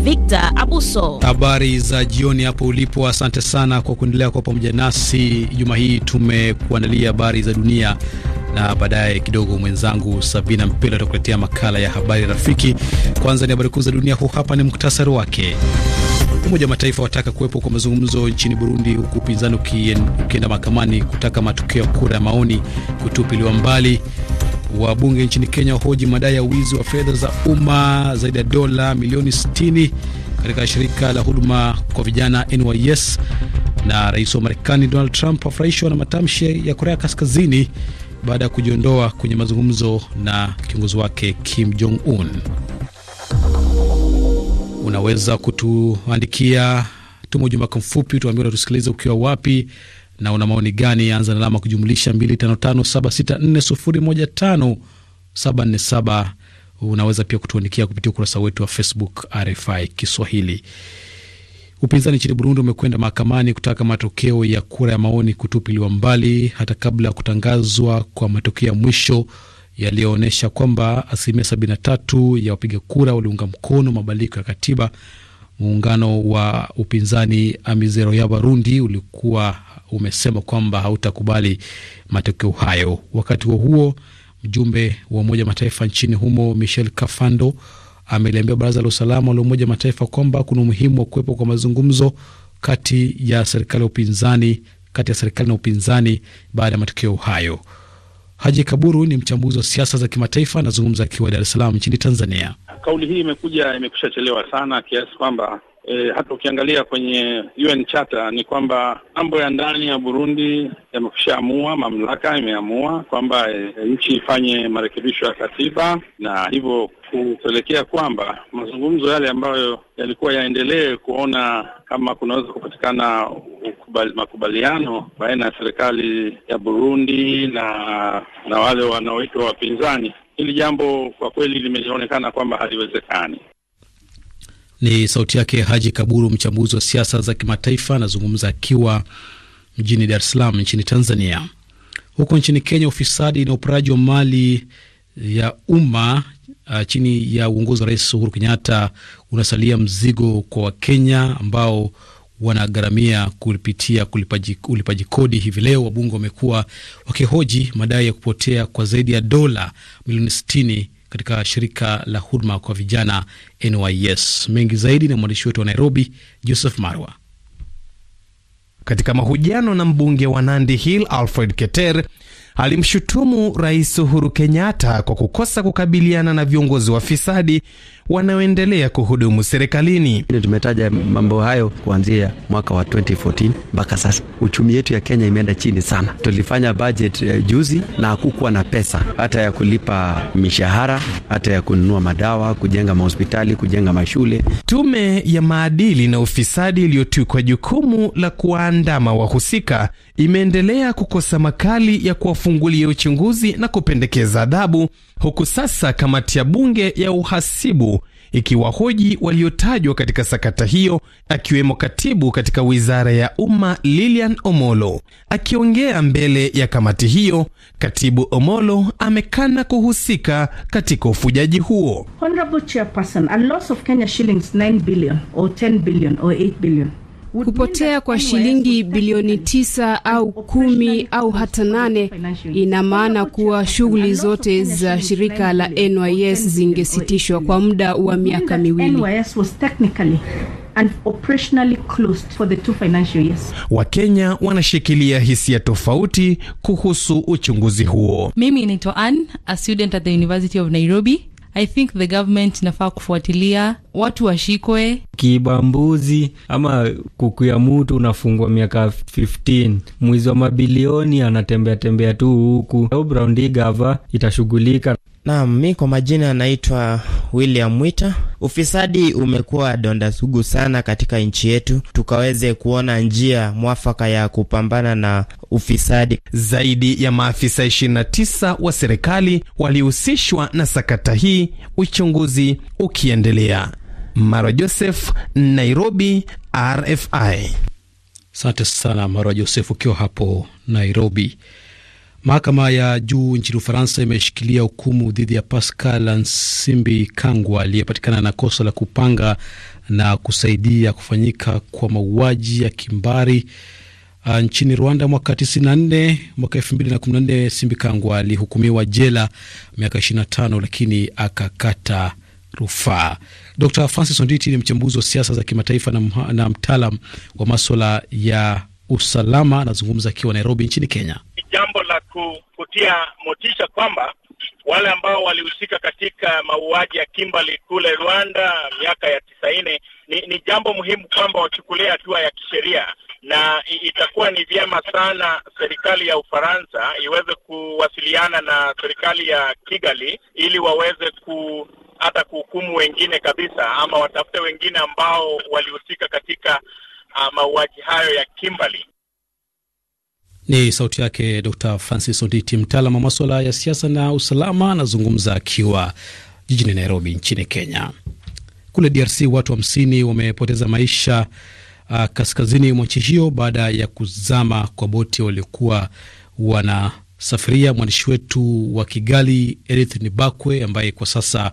Victor Abuso. Habari za jioni hapo ulipo, asante sana kwa kuendelea kwa pamoja nasi juma hii. Tumekuandalia habari za dunia na baadaye kidogo mwenzangu Sabina Mpelo atakuletea makala ya habari rafiki. Kwanza ni habari kuu za dunia, huu hapa ni muktasari wake. Umoja wa Mataifa wataka kuwepo kwa mazungumzo nchini Burundi, huku upinzani ukienda mahakamani kutaka matokeo ya kura ya maoni kutupiliwa mbali. Wabunge nchini Kenya wahoji madai ya wizi wa fedha za umma zaidi ya dola milioni 60 katika shirika la huduma kwa vijana NYS. Na rais wa Marekani Donald Trump afurahishwa na matamshi ya Korea Kaskazini baada ya kujiondoa kwenye mazungumzo na kiongozi wake Kim Jong Un unaweza kutuandikia, tuma ujumbe wako mfupi, tuambie unatusikiliza ukiwa wapi na una maoni gani. Anza na alama kujumlisha 255764015747. Unaweza pia kutuandikia kupitia ukurasa wetu wa Facebook RFI Kiswahili. Upinzani nchini Burundi umekwenda mahakamani kutaka matokeo ya kura ya maoni kutupiliwa mbali hata kabla ya kutangazwa kwa matokeo ya mwisho yaliyoonyesha kwamba asilimia 73 ya wapiga kura waliunga mkono mabadiliko ya katiba. Muungano wa upinzani Amizero ya Barundi ulikuwa umesema kwamba hautakubali matokeo hayo. Wakati huo huo, mjumbe wa Umoja Mataifa nchini humo Michel Kafando ameliambia Baraza la Usalama la Umoja Mataifa kwamba kuna umuhimu wa kuwepo kwa mazungumzo kati ya serikali upinzani, kati ya serikali na upinzani baada ya matokeo hayo. Haji Kaburu ni mchambuzi wa siasa za kimataifa, anazungumza akiwa Dar es Salaam nchini Tanzania. Kauli hii imekuja imekusha chelewa sana kiasi kwamba E, hata ukiangalia kwenye UN Charter ni kwamba mambo ya ndani ya Burundi yamekushaamua, mamlaka imeamua kwamba e, nchi ifanye marekebisho ya katiba na hivyo kupelekea kwamba mazungumzo yale ambayo yalikuwa yaendelee kuona kama kunaweza kupatikana ukubali, makubaliano baina ya serikali ya Burundi na na wale wanaoitwa wapinzani. Hili jambo kwa kweli limeonekana kwamba haliwezekani. Ni sauti yake Haji Kaburu, mchambuzi wa siasa za kimataifa, anazungumza akiwa mjini Dar es Salaam nchini Tanzania. Huko nchini Kenya, ufisadi na uporaji wa mali ya umma uh, chini ya uongozi wa Rais Uhuru Kenyatta unasalia mzigo kwa Wakenya ambao wanagharamia kupitia kulipaji, ulipaji kodi. Hivi leo wabunge wamekuwa wakihoji madai ya kupotea kwa zaidi ya dola milioni sitini katika shirika la huduma kwa vijana NYS. Mengi zaidi na mwandishi wetu wa Nairobi, Joseph Marwa. Katika mahojiano na mbunge wa Nandi Hill Alfred Keter alimshutumu Rais Uhuru Kenyatta kwa kukosa kukabiliana na viongozi wafisadi wanaoendelea kuhudumu serikalini. Tumetaja mambo hayo kuanzia mwaka wa 2014 mpaka sasa. Uchumi yetu ya Kenya imeenda chini sana. Tulifanya budget eh, juzi na hakukuwa na pesa hata ya kulipa mishahara, hata ya kununua madawa, kujenga mahospitali, kujenga mashule. Tume ya maadili na ufisadi iliyotukwa jukumu la kuwaandama wahusika imeendelea kukosa makali ya kuwafungulia uchunguzi na kupendekeza adhabu, huku sasa kamati ya bunge ya uhasibu ikiwahoji waliotajwa katika sakata hiyo, akiwemo katibu katika wizara ya umma Lilian Omolo. Akiongea mbele ya kamati hiyo, katibu Omolo amekana kuhusika katika ufujaji huo. Honorable Chairperson, a loss of Kenya shillings 9 billion or 10 billion or 8 billion Kupotea kwa shilingi bilioni tisa au kumi au hata nane ina maana kuwa shughuli zote za shirika la NYS zingesitishwa kwa muda wa miaka miwili. Wakenya wanashikilia hisia tofauti kuhusu uchunguzi huo. Mimi naitwa Ann, a student at the University of Nairobi. I think the government inafaa kufuatilia watu washikwe kibambuzi ama kuku ya mutu unafungwa miaka 15 mwizi wa mabilioni anatembea tembea tu huku. Brown gava itashughulika. Naam, mi kwa majina anaitwa William Mwita. Ufisadi umekuwa donda sugu sana katika nchi yetu, tukaweze kuona njia mwafaka ya kupambana na ufisadi. Zaidi ya maafisa 29 wa serikali walihusishwa na sakata hii, uchunguzi ukiendelea. mara Joseph, Nairobi, RFI. Asante sana mara Joseph ukiwa hapo Nairobi. Mahakama ya juu nchini Ufaransa imeshikilia hukumu dhidi ya Pascal Nsimbi Kangwa aliyepatikana na kosa la kupanga na kusaidia kufanyika kwa mauaji ya kimbari uh, nchini Rwanda mwaka 94 mwaka 2014. Simbi Kangwa alihukumiwa jela miaka 25 lakini akakata rufaa. Dr Francis Onditi ni mchambuzi wa siasa za kimataifa na, na mtaalam wa maswala ya usalama, anazungumza akiwa Nairobi nchini Kenya kutia motisha kwamba wale ambao walihusika katika mauaji ya Kimbali kule Rwanda miaka ya tisaini ni, ni jambo muhimu kwamba wachukulia hatua ya kisheria, na itakuwa ni vyema sana serikali ya Ufaransa iweze kuwasiliana na serikali ya Kigali ili waweze ku hata kuhukumu wengine kabisa, ama watafute wengine ambao walihusika katika uh, mauaji hayo ya Kimbali. Ni sauti yake Dr Francis Oditi, mtaalam wa maswala ya siasa na usalama, anazungumza akiwa jijini Nairobi nchini Kenya. Kule DRC watu hamsini wa wamepoteza maisha uh, kaskazini mwa nchi hiyo baada ya kuzama kwa boti waliokuwa wanasafiria. Mwandishi wetu wa Kigali Edith Nibakwe ambaye kwa sasa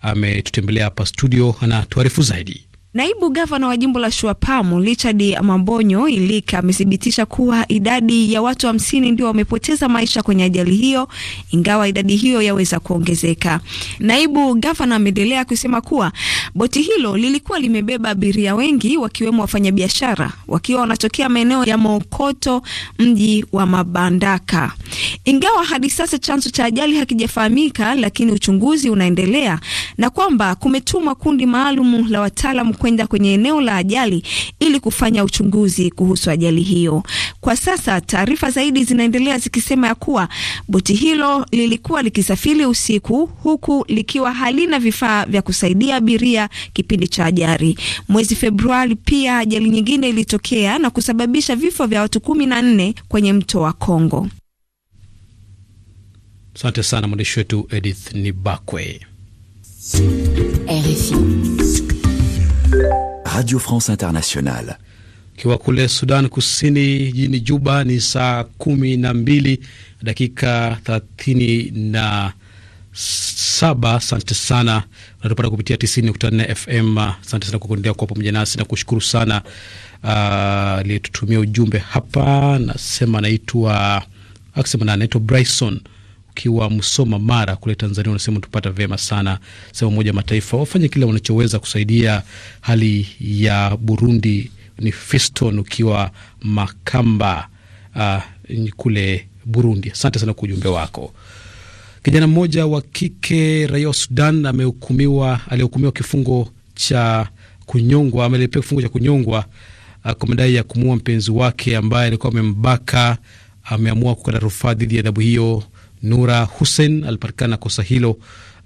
ametutembelea hapa studio anatuarifu zaidi. Naibu gavana wa jimbo la Shuapamu Richard Mambonyo Ilika amethibitisha kuwa idadi ya watu hamsini ndio wamepoteza maisha kwenye ajali hiyo, ingawa idadi hiyo yaweza kuongezeka. Naibu gavana ameendelea kusema kuwa boti hilo lilikuwa limebeba abiria wengi, wakiwemo wafanyabiashara, wakiwa wanatokea maeneo ya Mokoto, mji wa Mabandaka. Ingawa hadi sasa chanzo cha ajali hakijafahamika, lakini uchunguzi unaendelea na kwamba kumetumwa kundi maalum la wataalamu kwenda kwenye eneo la ajali ili kufanya uchunguzi kuhusu ajali hiyo. Kwa sasa taarifa zaidi zinaendelea zikisema ya kuwa boti hilo lilikuwa likisafiri usiku huku likiwa halina vifaa vya kusaidia abiria kipindi cha ajali. Mwezi Februari pia ajali nyingine ilitokea na kusababisha vifo vya watu kumi na nne kwenye mto wa Kongo. Asante sana mwandishi wetu Edith Nibakwe, RFI. Radio France Internationale. Ukiwa kule Sudan Kusini, jijini Juba ni saa kumi na mbili dakika thelathini na saba. Asante sana unatupata kupitia 90.4 FM. Asante sana kwa kuendelea kuwa pamoja nasi na kushukuru sana ah, aliyetutumia uh, ujumbe hapa. Nasema naitwa akisema na anaitwa Bryson ukiwa Msoma Mara kule Tanzania, unasema tupata vyema sana sema moja Mataifa wafanye kile wanachoweza kusaidia hali ya Burundi. Ni Fiston ukiwa Makamba uh, kule Burundi, asante sana kwa ujumbe wako. Kijana mmoja wa kike raia wa Sudan amehukumiwa aliyehukumiwa kifungo cha kunyongwa amelipia kifungo cha kunyongwa uh, kwa madai ya kumuua mpenzi wake ambaye alikuwa amembaka. Ameamua kukata rufaa dhidi ya adhabu hiyo Nura Hussein alipatikana na kosa hilo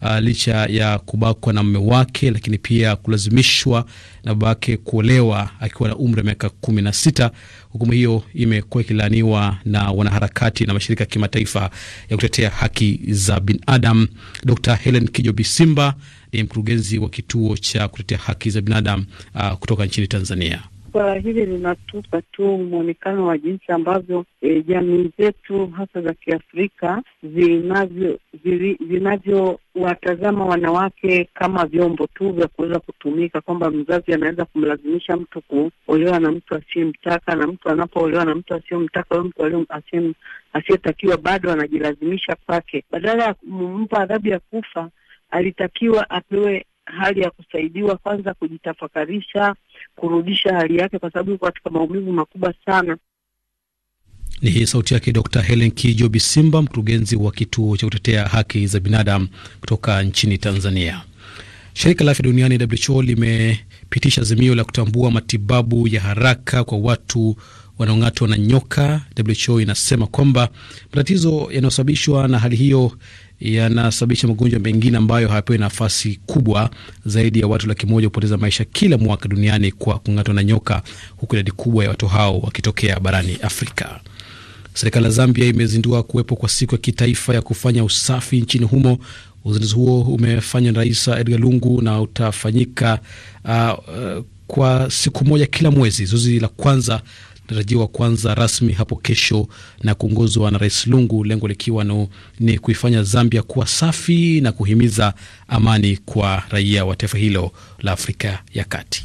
uh, licha ya kubakwa na mume wake, lakini pia kulazimishwa na baba yake kuolewa akiwa na umri wa miaka kumi na sita. Hukumu hiyo imekuwa ikilaaniwa na wanaharakati na mashirika ya kimataifa ya kutetea haki za binadamu. Dr Helen Kijobi Simba ni mkurugenzi wa kituo cha kutetea haki za binadamu uh, kutoka nchini Tanzania. Kwa hili linatupa tu mwonekano wa jinsi ambavyo e, jamii zetu hasa za Kiafrika zinavyowatazama wanawake kama vyombo tu vya kuweza kutumika, kwamba mzazi anaweza kumlazimisha mtu kuolewa na mtu asiyemtaka, na mtu anapoolewa na mtu asiyemtaka au mtu asiyetakiwa, bado anajilazimisha kwake. Badala ya kumpa adhabu ya kufa, alitakiwa apewe hali ya kusaidiwa kwanza kujitafakarisha, kurudisha hali yake, kwa sababu yuko katika maumivu makubwa sana. Ni hii sauti yake Dr. Helen Kijo Bisimba, mkurugenzi wa kituo cha kutetea haki za binadamu kutoka nchini Tanzania. Shirika la Afya Duniani WHO limepitisha azimio la kutambua matibabu ya haraka kwa watu wanaong'atwa na nyoka. WHO inasema kwamba matatizo yanayosababishwa na hali hiyo yanasababisha magonjwa mengine ambayo hayapewi nafasi kubwa. Zaidi ya watu laki moja hupoteza maisha kila mwaka duniani kwa kung'atwa na nyoka, huku idadi kubwa ya watu hao wakitokea barani Afrika. Serikali ya Zambia imezindua kuwepo kwa siku ya kitaifa ya kufanya usafi nchini humo. Uzinduzi huo umefanywa na Rais Edgar Lungu na utafanyika uh, uh, kwa siku moja kila mwezi. Zoezi la kwanza inatarajiwa kuanza rasmi hapo kesho na kuongozwa na Rais Lungu, lengo likiwa no, ni kuifanya Zambia kuwa safi na kuhimiza amani kwa raia wa taifa hilo la Afrika ya Kati.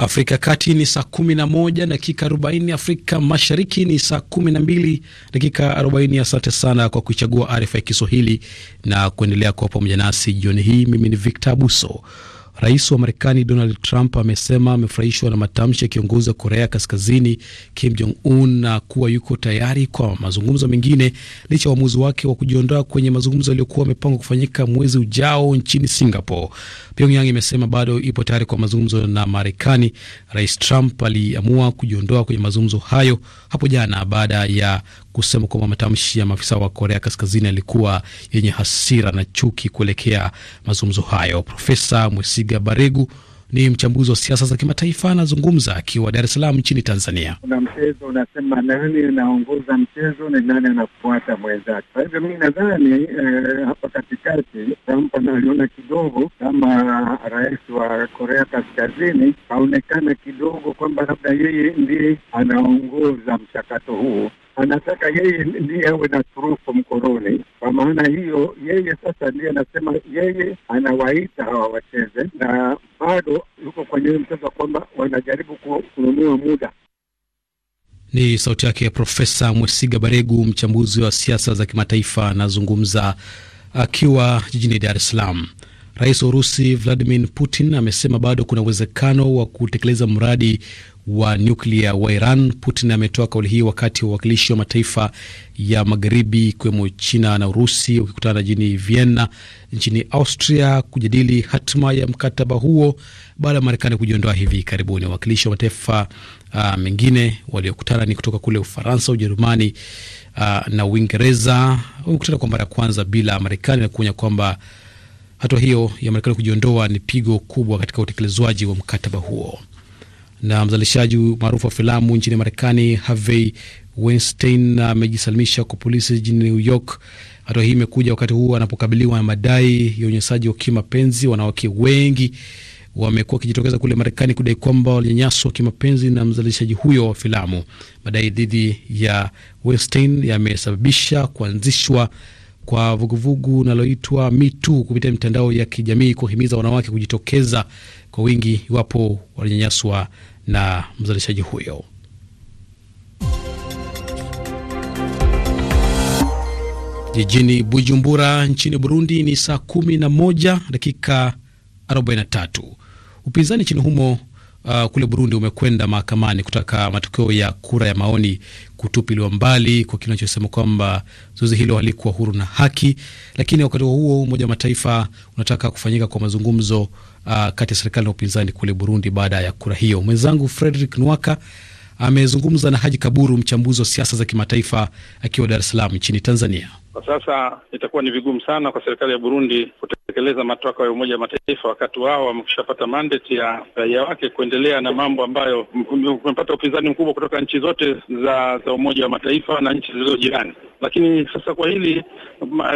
Afrika Kati ni saa kumi na moja dakika arobaini Afrika Mashariki ni saa kumi na mbili dakika arobaini Asante sana kwa kuichagua RFI Kiswahili na kuendelea kuwa pamoja nasi jioni hii. Mimi ni Victor Abuso. Rais wa Marekani Donald Trump amesema amefurahishwa na matamshi ya kiongozi wa Korea Kaskazini Kim Jong Un na kuwa yuko tayari kwa mazungumzo mengine licha ya uamuzi wake wa kujiondoa kwenye mazungumzo yaliyokuwa amepangwa kufanyika mwezi ujao nchini Singapore. Pyongyang imesema bado ipo tayari kwa mazungumzo na Marekani. Rais Trump aliamua kujiondoa kwenye mazungumzo hayo hapo jana baada ya kusema kwamba matamshi ya maafisa wa Korea Kaskazini yalikuwa yenye hasira na chuki kuelekea mazungumzo hayo. Profesa Mwesiga Baregu ni mchambuzi wa siasa za kimataifa, anazungumza akiwa Dar es Salaam nchini Tanzania. Kuna mchezo unasema nani anaongoza mchezo ni nani anafuata mwenzake. Kwa hivyo mi nadhani eh, hapa katikati Trump analiona kidogo kama rais wa Korea Kaskazini aonekana kidogo kwamba labda yeye ndiye anaongoza mchakato huo anataka yeye ndiye awe na turufu mkononi. Kwa maana hiyo, yeye sasa ndiye anasema yeye anawaita hawa wacheze, na bado yuko kwenye mchezo kwamba wanajaribu kununua muda. Ni sauti yake Profesa Mwesiga Baregu, mchambuzi wa siasa za kimataifa, anazungumza akiwa jijini Dar es Salaam. Rais wa Urusi Vladimir Putin amesema bado kuna uwezekano wa kutekeleza mradi wa nyuklia wa Iran. Putin ametoa kauli hii wakati wa uwakilishi wa mataifa ya magharibi ikiwemo China na Urusi wakikutana jijini Vienna nchini Austria kujadili hatima ya mkataba huo baada ya Marekani kujiondoa hivi karibuni. Wawakilishi wa mataifa uh, mengine waliokutana ni kutoka kule Ufaransa, Ujerumani uh, na Uingereza wamekutana kwa mara ya kwanza bila Marekani na kuonya kwamba hatua hiyo ya Marekani kujiondoa ni pigo kubwa katika utekelezwaji wa mkataba huo na mzalishaji maarufu wa filamu nchini Marekani Harvey Weinstein amejisalimisha kwa polisi jijini New York. Hatua hii imekuja wakati huu anapokabiliwa na madai ya unyanyasaji wa kimapenzi. Wanawake wengi wamekuwa wakijitokeza kule Marekani kudai kwamba walinyanyaswa kimapenzi na mzalishaji huyo wa filamu. Madai dhidi ya Weinstein yamesababisha kuanzishwa kwa vuguvugu linaloitwa Me Too kupitia mitandao ya kijamii kuhimiza wanawake kujitokeza kwa wingi iwapo walinyanyaswa na mzalishaji huyo. Jijini Bujumbura nchini Burundi ni saa 11 dakika 43. Upinzani nchini humo uh, kule Burundi umekwenda mahakamani kutaka matokeo ya kura ya maoni kutupiliwa mbali kwa kile unachosema kwamba zoezi hilo halikuwa huru na haki. Lakini wakati huo huo, Umoja wa Mataifa unataka kufanyika kwa mazungumzo uh, kati ya serikali na upinzani kule Burundi baada ya kura hiyo. Mwenzangu Frederick Nwaka amezungumza na Haji Kaburu, mchambuzi wa siasa za kimataifa akiwa Dar es Salaam nchini Tanzania. Kwa sasa itakuwa ni vigumu sana kwa serikali ya Burundi kutekeleza matakwa ya Umoja wa Mataifa wakati wao wamekushapata mandate ya raia wake kuendelea na mambo ambayo kumepata upinzani mkubwa kutoka nchi zote za, za Umoja wa Mataifa na nchi zilizo jirani lakini sasa kwa hili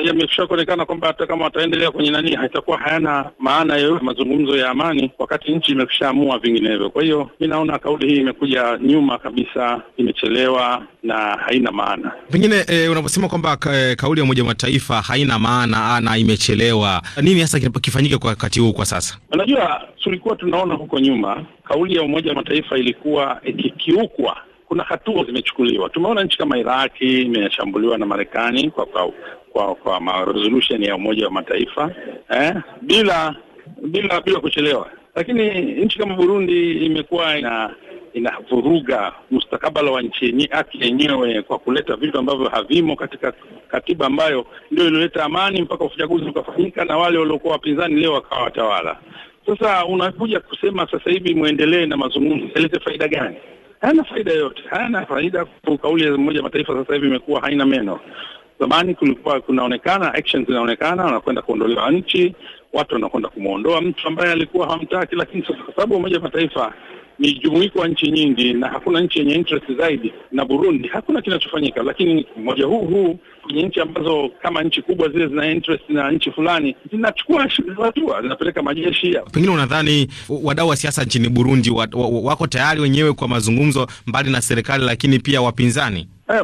yamesha kuonekana kwamba hata kama wataendelea kwenye nani, haitakuwa hayana maana yoyote mazungumzo ya amani, wakati nchi amua vinginevyo. Kwa hiyo mi naona kauli hii imekuja nyuma kabisa, imechelewa na haina maana. Pengine e, unaposema kwamba ka, eh, kauli ya Umoja wa Mataifa haina maana na imechelewa, nini hasa kifanyike kwa wakati huu kwa sasa? Unajua, tulikuwa tunaona huko nyuma kauli ya Umoja wa Mataifa ilikuwa ikikiukwa kuna hatua zimechukuliwa. Tumeona nchi kama Iraki imeshambuliwa na Marekani kwa kwa, kwa, kwa ma resolution ya Umoja wa Mataifa eh, bila bila bila kuchelewa, lakini nchi kama Burundi imekuwa ina inavuruga mustakabala wa nchi haki yenyewe kwa kuleta vitu ambavyo havimo katika katiba ambayo ndio ilioleta amani mpaka uchaguzi ukafanyika na wale waliokuwa wapinzani leo wakawa watawala. Sasa unakuja kusema sasa hivi mwendelee na mazungumzo, ilete faida gani? hana faida yoyote, hana faida. Kauli ya Umoja Mataifa sasa hivi imekuwa haina meno. Zamani kulikuwa kunaonekana actions zinaonekana, wanakwenda kuondolewa nchi, watu wanakwenda kumwondoa mtu ambaye alikuwa hamtaki lakini sasa kwa sababu Umoja Mataifa ni jumuiko wa nchi nyingi, na hakuna nchi yenye interest zaidi na Burundi. Hakuna kinachofanyika, lakini umoja huu huu kwenye nchi ambazo kama nchi kubwa zile zina interest na nchi fulani zinachukua hatua, zinapeleka majeshi. Pengine unadhani wadau wa siasa nchini Burundi wako tayari wenyewe kwa mazungumzo, mbali na serikali, lakini pia wapinzani? Eh,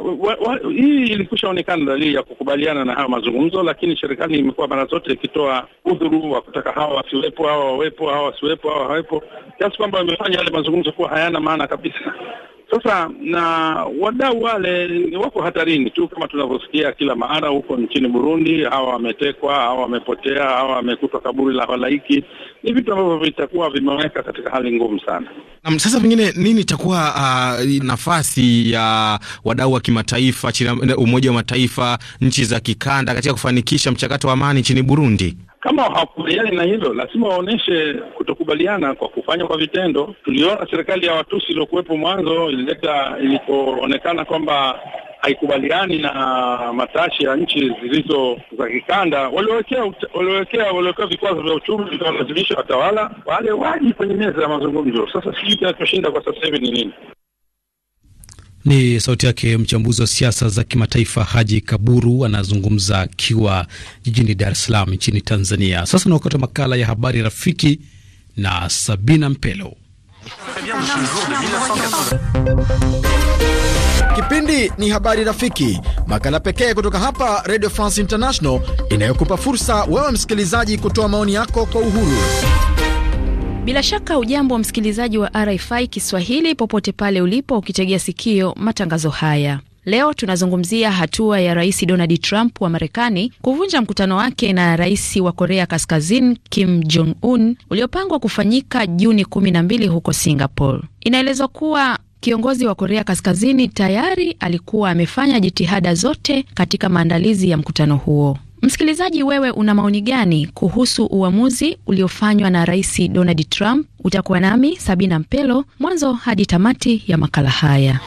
hii ilikusha onekana dalili ya kukubaliana na haya mazungumzo, lakini serikali imekuwa mara zote ikitoa udhuru wa kutaka hawa wasiwepo, hawa wawepo, hawa wasiwepo, hawa wawepo, kiasi kwamba wamefanya yale mazungumzo kuwa hayana maana kabisa. Sasa na wadau wale wako hatarini tu, kama tunavyosikia kila mahara huko nchini Burundi, hawa wametekwa, hawa wamepotea, hawa wamekutwa kaburi la halaiki. Ni vitu ambavyo vitakuwa vimeweka katika hali ngumu sana. Na sasa pengine nini itakuwa uh, nafasi ya uh, wadau wa kimataifa, Umoja wa Mataifa, nchi za kikanda katika kufanikisha mchakato wa amani nchini Burundi? Kama hawakubaliani na hilo, lazima waonyeshe kutokubaliana kwa kufanya kwa vitendo. Tuliona serikali ya Watusi iliyokuwepo mwanzo ilileta, ilipoonekana kwamba haikubaliani na matashi ya nchi zilizo za kikanda, waliowekea waliowekea vikwazo vya uchumi, vikawalazimisha watawala wale waji kwenye meza ya mazungumzo. Sasa sijui kinachoshinda kwa sasa hivi ni nini? Ni sauti yake mchambuzi wa siasa za kimataifa Haji Kaburu anazungumza akiwa jijini Dar es Salaam nchini Tanzania. Sasa wa makala ya habari rafiki na Sabina Mpelo. Kipindi ni habari rafiki, makala pekee kutoka hapa Radio France International inayokupa fursa wewe msikilizaji kutoa maoni yako kwa uhuru. Bila shaka ujambo wa msikilizaji wa RFI Kiswahili popote pale ulipo, ukitegea sikio matangazo haya. Leo tunazungumzia hatua ya Rais Donald Trump wa Marekani kuvunja mkutano wake na rais wa Korea Kaskazini Kim Jong Un uliopangwa kufanyika Juni 12 huko Singapore. Inaelezwa kuwa kiongozi wa Korea Kaskazini tayari alikuwa amefanya jitihada zote katika maandalizi ya mkutano huo. Msikilizaji, wewe una maoni gani kuhusu uamuzi uliofanywa na Rais Donald Trump? Utakuwa nami Sabina Mpelo mwanzo hadi tamati ya makala haya.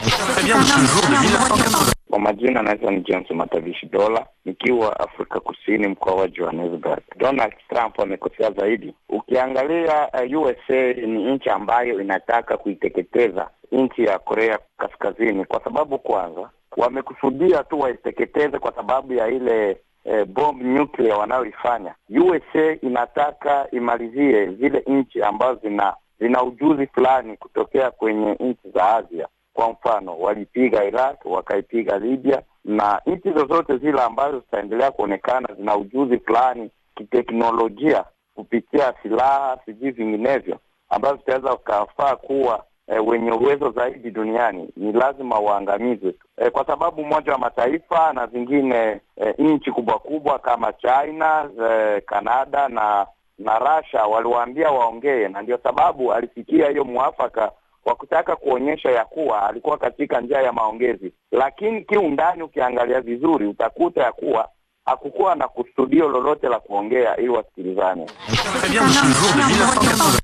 Kwa majina anaitwa ni Johnson Matavishi Dola, nikiwa Afrika Kusini, mkoa wa Johannesburg. Donald Trump amekosea zaidi. Ukiangalia uh, USA ni nchi ambayo inataka kuiteketeza nchi ya Korea Kaskazini, kwa sababu kwanza wamekusudia tu waiteketeze kwa sababu ya ile eh, bomb nuclear wanayoifanya. USA inataka imalizie zile nchi ambazo zina zina ujuzi fulani kutokea kwenye nchi za Asia. Kwa mfano, walipiga Iraq, wakaipiga Libya, na nchi zozote zile ambazo zitaendelea kuonekana zina ujuzi fulani kiteknolojia kupitia silaha sijui vinginevyo, ambazo zitaweza kukafaa kuwa e, wenye uwezo zaidi duniani ni lazima waangamizwe tu, eh, e, kwa sababu Umoja wa Mataifa na zingine e, nchi kubwa kubwa kama China e, Kanada na na Russia waliwaambia waongee, na ndio sababu alifikia hiyo mwafaka wa kutaka kuonyesha ya kuwa alikuwa katika njia ya maongezi, lakini kiundani ukiangalia vizuri utakuta ya kuwa hakukuwa na kusudio lolote la kuongea ili wasikilizane.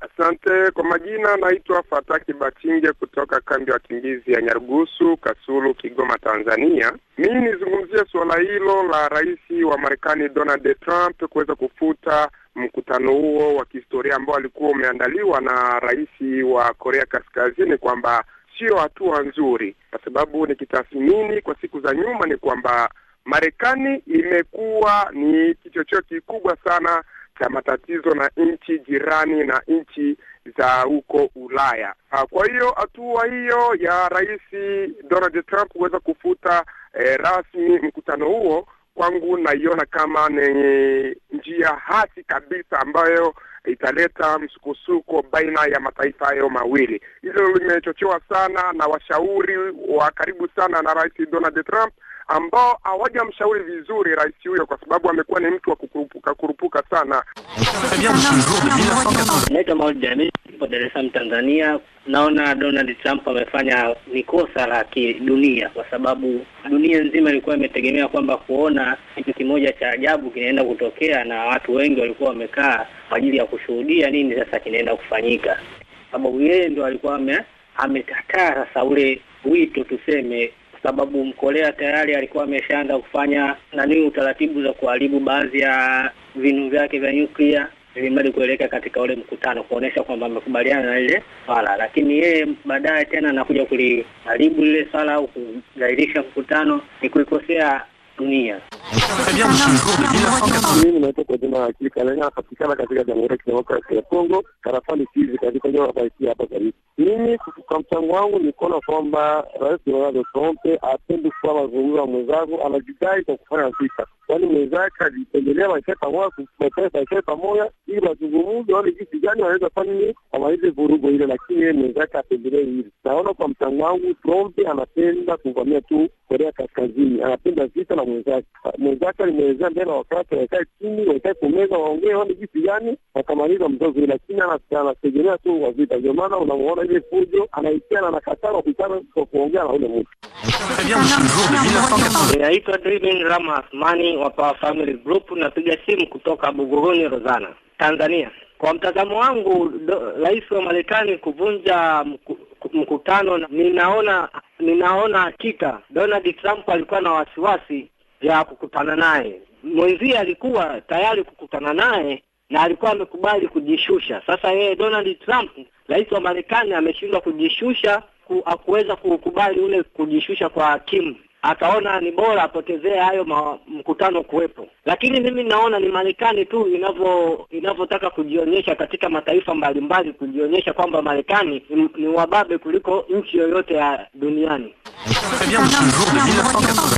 Asante kwa majina, naitwa Fataki Bachinge kutoka kambi ya wakimbizi ya Nyarugusu, Kasulu, Kigoma, Tanzania. Mimi nizungumzia suala hilo la rais wa Marekani Donald Trump kuweza kufuta mkutano huo wa kihistoria ambao alikuwa umeandaliwa na rais wa Korea Kaskazini kwamba sio hatua nzuri, kwa sababu nikitathmini kwa siku za nyuma ni kwamba Marekani imekuwa ni kichocheo kikubwa sana cha matatizo na nchi jirani na nchi za huko Ulaya. Ah, kwa hiyo hatua hiyo ya Rais Donald Trump kuweza kufuta eh, rasmi mkutano huo kwangu naiona kama ni njia hasi kabisa ambayo italeta msukosuko baina ya mataifa hayo mawili. Hilo limechochewa sana na washauri wa karibu sana na Rais Donald Trump ambao hawajamshauri vizuri rais huyo, kwa sababu amekuwa ni mtu wa kukurupuka kurupuka sana. Naitwa Maulid ipo Dar es Salaam, Tanzania. Naona Donald Trump amefanya ni kosa la kidunia, kwa sababu dunia nzima ilikuwa imetegemea kwamba kuona kitu kimoja cha ajabu kinaenda kutokea, na watu wengi walikuwa wamekaa kwa ajili ya kushuhudia nini sasa kinaenda kufanyika, sababu yeye ndo alikuwa amekataa sasa ule wito tuseme sababu mkolea tayari alikuwa ameshaanza kufanya nani utaratibu za kuharibu baadhi ya vinu vyake vya nyuklia ilimradi kuelekea katika ule mkutano kuonesha kwamba amekubaliana na ile swala, lakini yeye baadaye tena anakuja kuliharibu lile swala au kugairisha mkutano, ni kuikosea dunia. Mimi naitwa kwa jina la napatikana katika Jamhuri ya Kidemokrasia ya Kongo, katika la hapa Mimi kwa mchango wangu ni kuona kwamba Rais Donald Trump apendi kuwa mazungumzo ya mwenzangu, anajidai kwa kufanya vita, kwani mwenzake alipendelea maisha pamoja, maisha pamoja ili wazungumuze wale jinsi gani wanaweza fanya nini wamalize vurugo ile, lakini yeye mwenzake apendelee hili. Naona kwa mtango wangu Trump anapenda kuvamia tu Korea Kaskazini, anapenda vita na mwenzake. Ah, mwenzake alimwelezea mbele wakati wakae chini, wakae kumeza, waongee waone jinsi gani watamaliza mzozo, lakini anategemea tu wa vita. Ndio maana unamuona ile fujo anaitiana na anakataa kwa kuongea na ule mtu. Eh, naitwa Driven Rama Asmani wa Power Family Group, napiga simu kutoka Buguruni Rozana. Tanzania. Kwa mtazamo wangu, rais wa Marekani kuvunja mkutano, ninaona ninaona hakika Donald Trump alikuwa na wasiwasi ya kukutana naye, mwenzie alikuwa tayari kukutana naye na alikuwa amekubali kujishusha. Sasa yeye Donald Trump, rais wa Marekani, ameshindwa kujishusha, hakuweza kukubali ule kujishusha kwa Kim akaona ni bora apotezee hayo mkutano kuwepo. Lakini mimi naona ni Marekani tu inavyo inavyotaka kujionyesha katika mataifa mbalimbali, kujionyesha kwamba Marekani ni, ni wababe kuliko nchi yoyote ya duniani.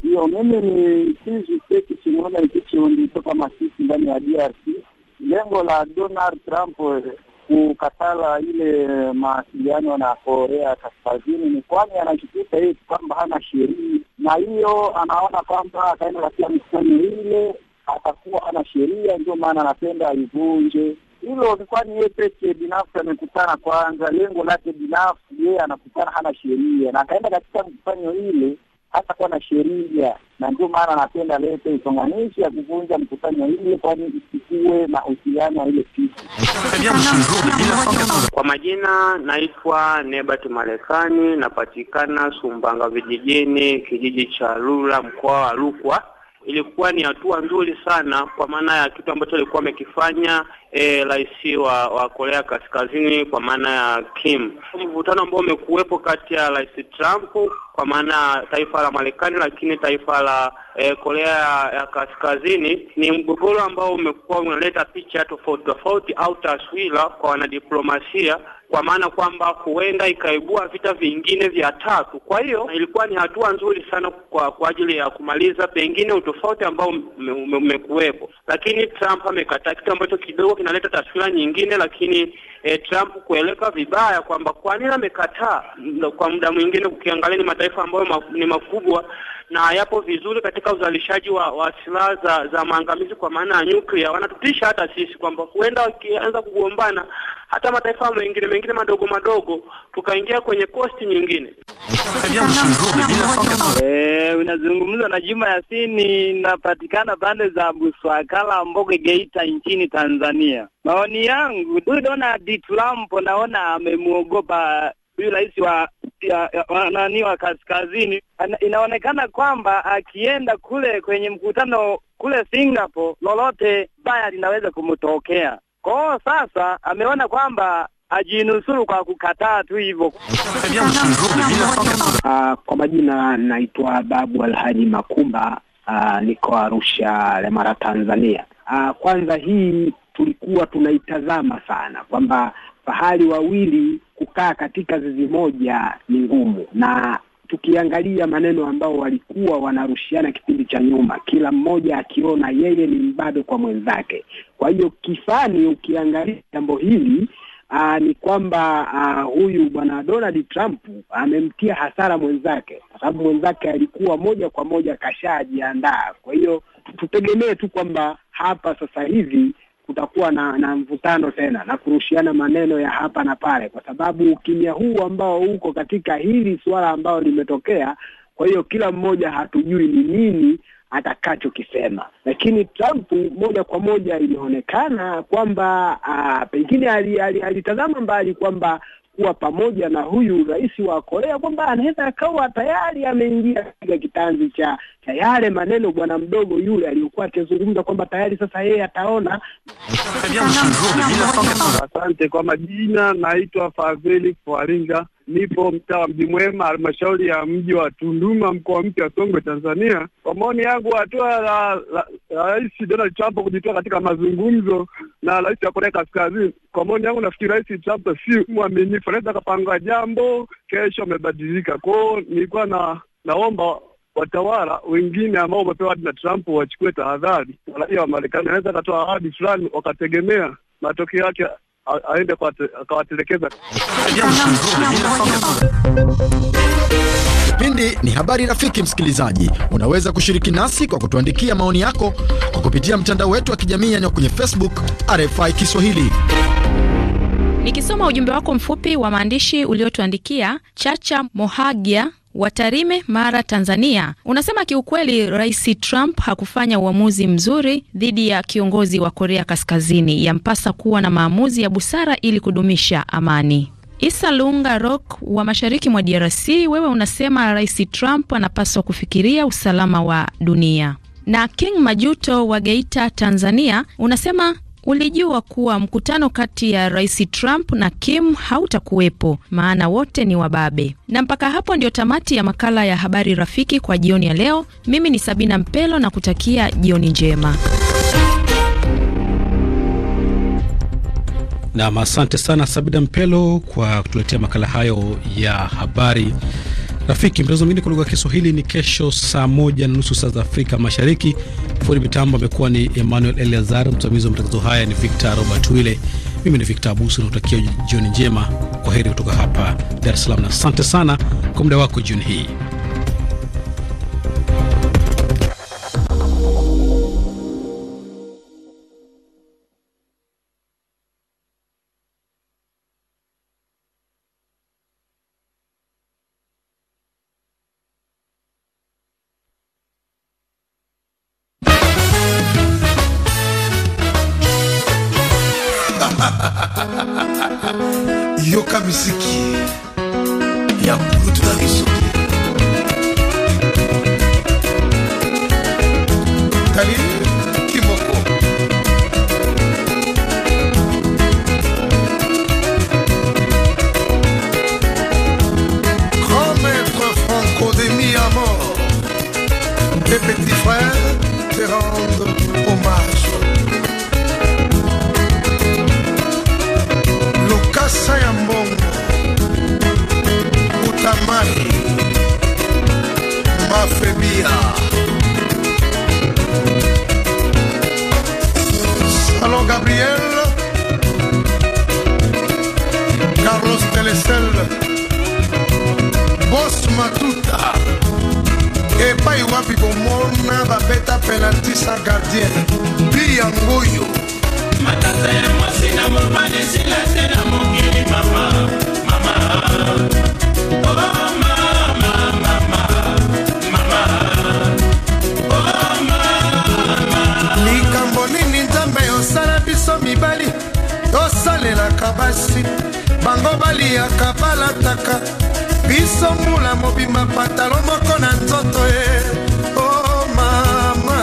Hiyo mimi ni siziteki kimona ikicho ndicho ndani ya DRC, lengo la Donald Trump eh, kukatala ile mawasiliano na Korea Kaskazini ni kwani anajikuta hii kwamba hana sheria, na hiyo anaona kwamba akaenda katika mikutano ile atakuwa ana sheria, ndio maana anapenda aivunje. Hilo ni kwani yeye peke binafsi amekutana kwanza, lengo lake binafsi, yeye anakutana hana sheria, na akaenda katika mkusanyo ile hata kuwa na sheria, na ndio maana napenda lete utonganishi ya kuvunja mkutano ile, kwani isikuwe na uhusiano wa ile kitu. Kwa majina naitwa Nebat Marekani, napatikana Sumbanga vijijini, kijiji cha Lula, mkoa wa Rukwa. Ilikuwa ni hatua nzuri sana kwa maana ya kitu ambacho alikuwa amekifanya e, rais wa, wa Korea Kaskazini, kwa maana ya Kim. Mvutano ambao umekuwepo kati ya Rais Trump kwa maana taifa la Marekani, lakini taifa la e, Korea ya Kaskazini. Ni mgogoro ambao umekuwa unaleta picha tofauti tofauti au taswira kwa wanadiplomasia, kwa maana kwamba huenda ikaibua vita vingine vya tatu. Kwa hiyo ilikuwa ni hatua nzuri sana kwa, kwa ajili ya kumaliza pengine utofauti ambao umekuwepo, lakini Trump amekataa kitu ambacho kidogo kinaleta taswira nyingine, lakini e, Trump kueleka vibaya kwamba kwa nini amekataa. Kwa muda mwingine, ukiangalia ni mataifa ambayo ma, ni makubwa na yapo vizuri katika uzalishaji wa, wa silaha za, za maangamizi kwa maana ya nyuklia. Wanatutisha hata sisi kwamba huenda wakianza kugombana hata mataifa mengine mengine madogo madogo tukaingia kwenye kosti nyingine. Eh, unazungumza na Juma Yasini, napatikana pande za Buswakala, Mboge, Geita nchini Tanzania. Maoni yangu huyu Donald Trump naona amemwogopa huyu rais wa nani wa kaskazini, inaonekana kwamba akienda kule kwenye mkutano kule Singapore, lolote baya linaweza kumtokea. Kwao sasa ameona kwamba ajinusuru kwa kukataa tu hivyo. Uh, kwa majina naitwa Babu Alhaji Makumba. Uh, niko Arusha Lemara, Tanzania. Uh, kwanza hii tulikuwa tunaitazama sana kwamba fahali wawili kukaa katika zizi moja ni ngumu, na tukiangalia maneno ambao walikuwa wanarushiana kipindi cha nyuma, kila mmoja akiona yeye ni mbabe kwa mwenzake. Kwa hiyo kifani, ukiangalia jambo hili Aa, ni kwamba aa, huyu bwana Donald Trump amemtia hasara mwenzake, kwa sababu mwenzake alikuwa moja kwa moja kashajiandaa. Kwa hiyo tutegemee tu kwamba hapa sasa hivi kutakuwa na, na mvutano tena na kurushiana maneno ya hapa na pale, kwa sababu ukimya huu ambao uko katika hili suala ambalo limetokea. Kwa hiyo kila mmoja hatujui ni nini atakachokisema, lakini Trump moja kwa moja ilionekana kwamba ah, pengine alitazama ali, ali mbali kwamba kuwa pamoja na huyu rais wa Korea kwamba anaweza akawa tayari ameingia katika kitanzi cha cha yale maneno bwana mdogo yule aliyokuwa akizungumza kwamba tayari sasa yeye ataona. Asante kwa majina, naitwa Faveli Kwaringa, nipo mtaa wa Mji Mwema, halmashauri ya mji wa Tunduma, mkoa mpya wa Songwe, Tanzania. Kwa maoni yangu, hatua la Rais Donald Trump kujitoa katika mazungumzo na rais wa Korea Kaskazini, kwa maoni yangu, nafikiri Rais Trump si mwaminifu, anaweza akapanga jambo kesho amebadilika. Kwao nilikuwa na naomba watawala wengine ambao wamepewa ahadi na Trump wachukue tahadhari. Raia wa Marekani anaweza akatoa ahadi fulani wakategemea matokeo yake aende akawatelekeza. Kipindi ni habari. Rafiki msikilizaji, unaweza kushiriki nasi kwa kutuandikia maoni yako kwa kupitia mtandao wetu wa kijamii yaani kwenye Facebook RFI Kiswahili. Nikisoma ujumbe wako mfupi wa maandishi uliotuandikia, Chacha Mohagia Watarime, Mara, Tanzania, unasema kiukweli, Rais Trump hakufanya uamuzi mzuri dhidi ya kiongozi wa Korea Kaskazini. Yampasa kuwa na maamuzi ya busara ili kudumisha amani. Isa Lunga Rock wa mashariki mwa DRC, wewe unasema Rais Trump anapaswa kufikiria usalama wa dunia na King Majuto wa Geita, Tanzania, unasema Ulijua kuwa mkutano kati ya Rais Trump na Kim hautakuwepo, maana wote ni wababe. Na mpaka hapo ndio tamati ya makala ya habari rafiki kwa jioni ya leo. Mimi ni Sabina Mpelo na kutakia jioni njema. Nam, asante sana Sabina Mpelo kwa kutuletea makala hayo ya habari Rafiki mchezo mwingine kwa lugha ya Kiswahili ni kesho saa moja na nusu saa za Afrika Mashariki. Fundi mitambo amekuwa ni Emmanuel Eleazar, msimamizi wa matangazo haya ni Victor Robert Wile. Mimi ni Victor Abusu, nakutakia jioni njema. Kwa heri kutoka hapa Dar es Salaam na asante sana kwa muda wako jioni hii. bos matuta epai wapi komona babeta penalti sa gardien mpi yango oyo matata ya mwasi na mobali esila te na mokili mama mama obama oh, oh, likambo nini nzambe osala biso mibali tosalelaka basi bango baliaka balataka biso mbula mobima patalo moko na nzoto e o oh, mama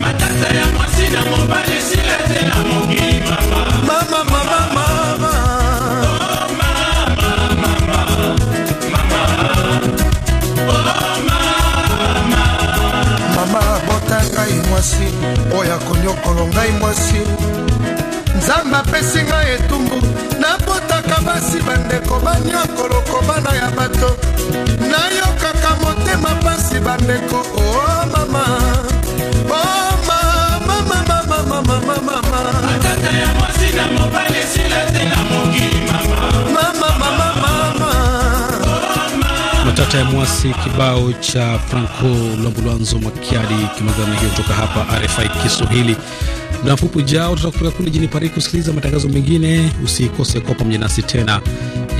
matata ya mwasi na mobali silatela mokili mama mama mama mama bota ngai mwasi oyo akonyokolo ngai mwasi nzambe apesi ngai etumbu nabota basi bandeko banyakoloko bana ya bato nayokaka motema basi bandeko o oh, mama oh, matata ya mwasi na mobali esila te na mokili mama matata ya mwasi kibao cha Franco Lwambulwanzo Makiadi kimagana hiyo kutoka hapa RFI Kiswahili. Muda mfupi ujao tutakupeleka kule jijini Paris kusikiliza matangazo mengine. Usikose kwa pamoja nasi tena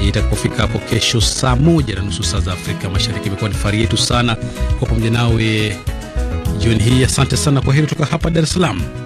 itakapofika hapo kesho saa moja na nusu saa za Afrika Mashariki. Imekuwa ni fahari yetu sana kwa pamoja nawe jioni hii. Asante sana, kwa heri kutoka hapa Dar es Salaam.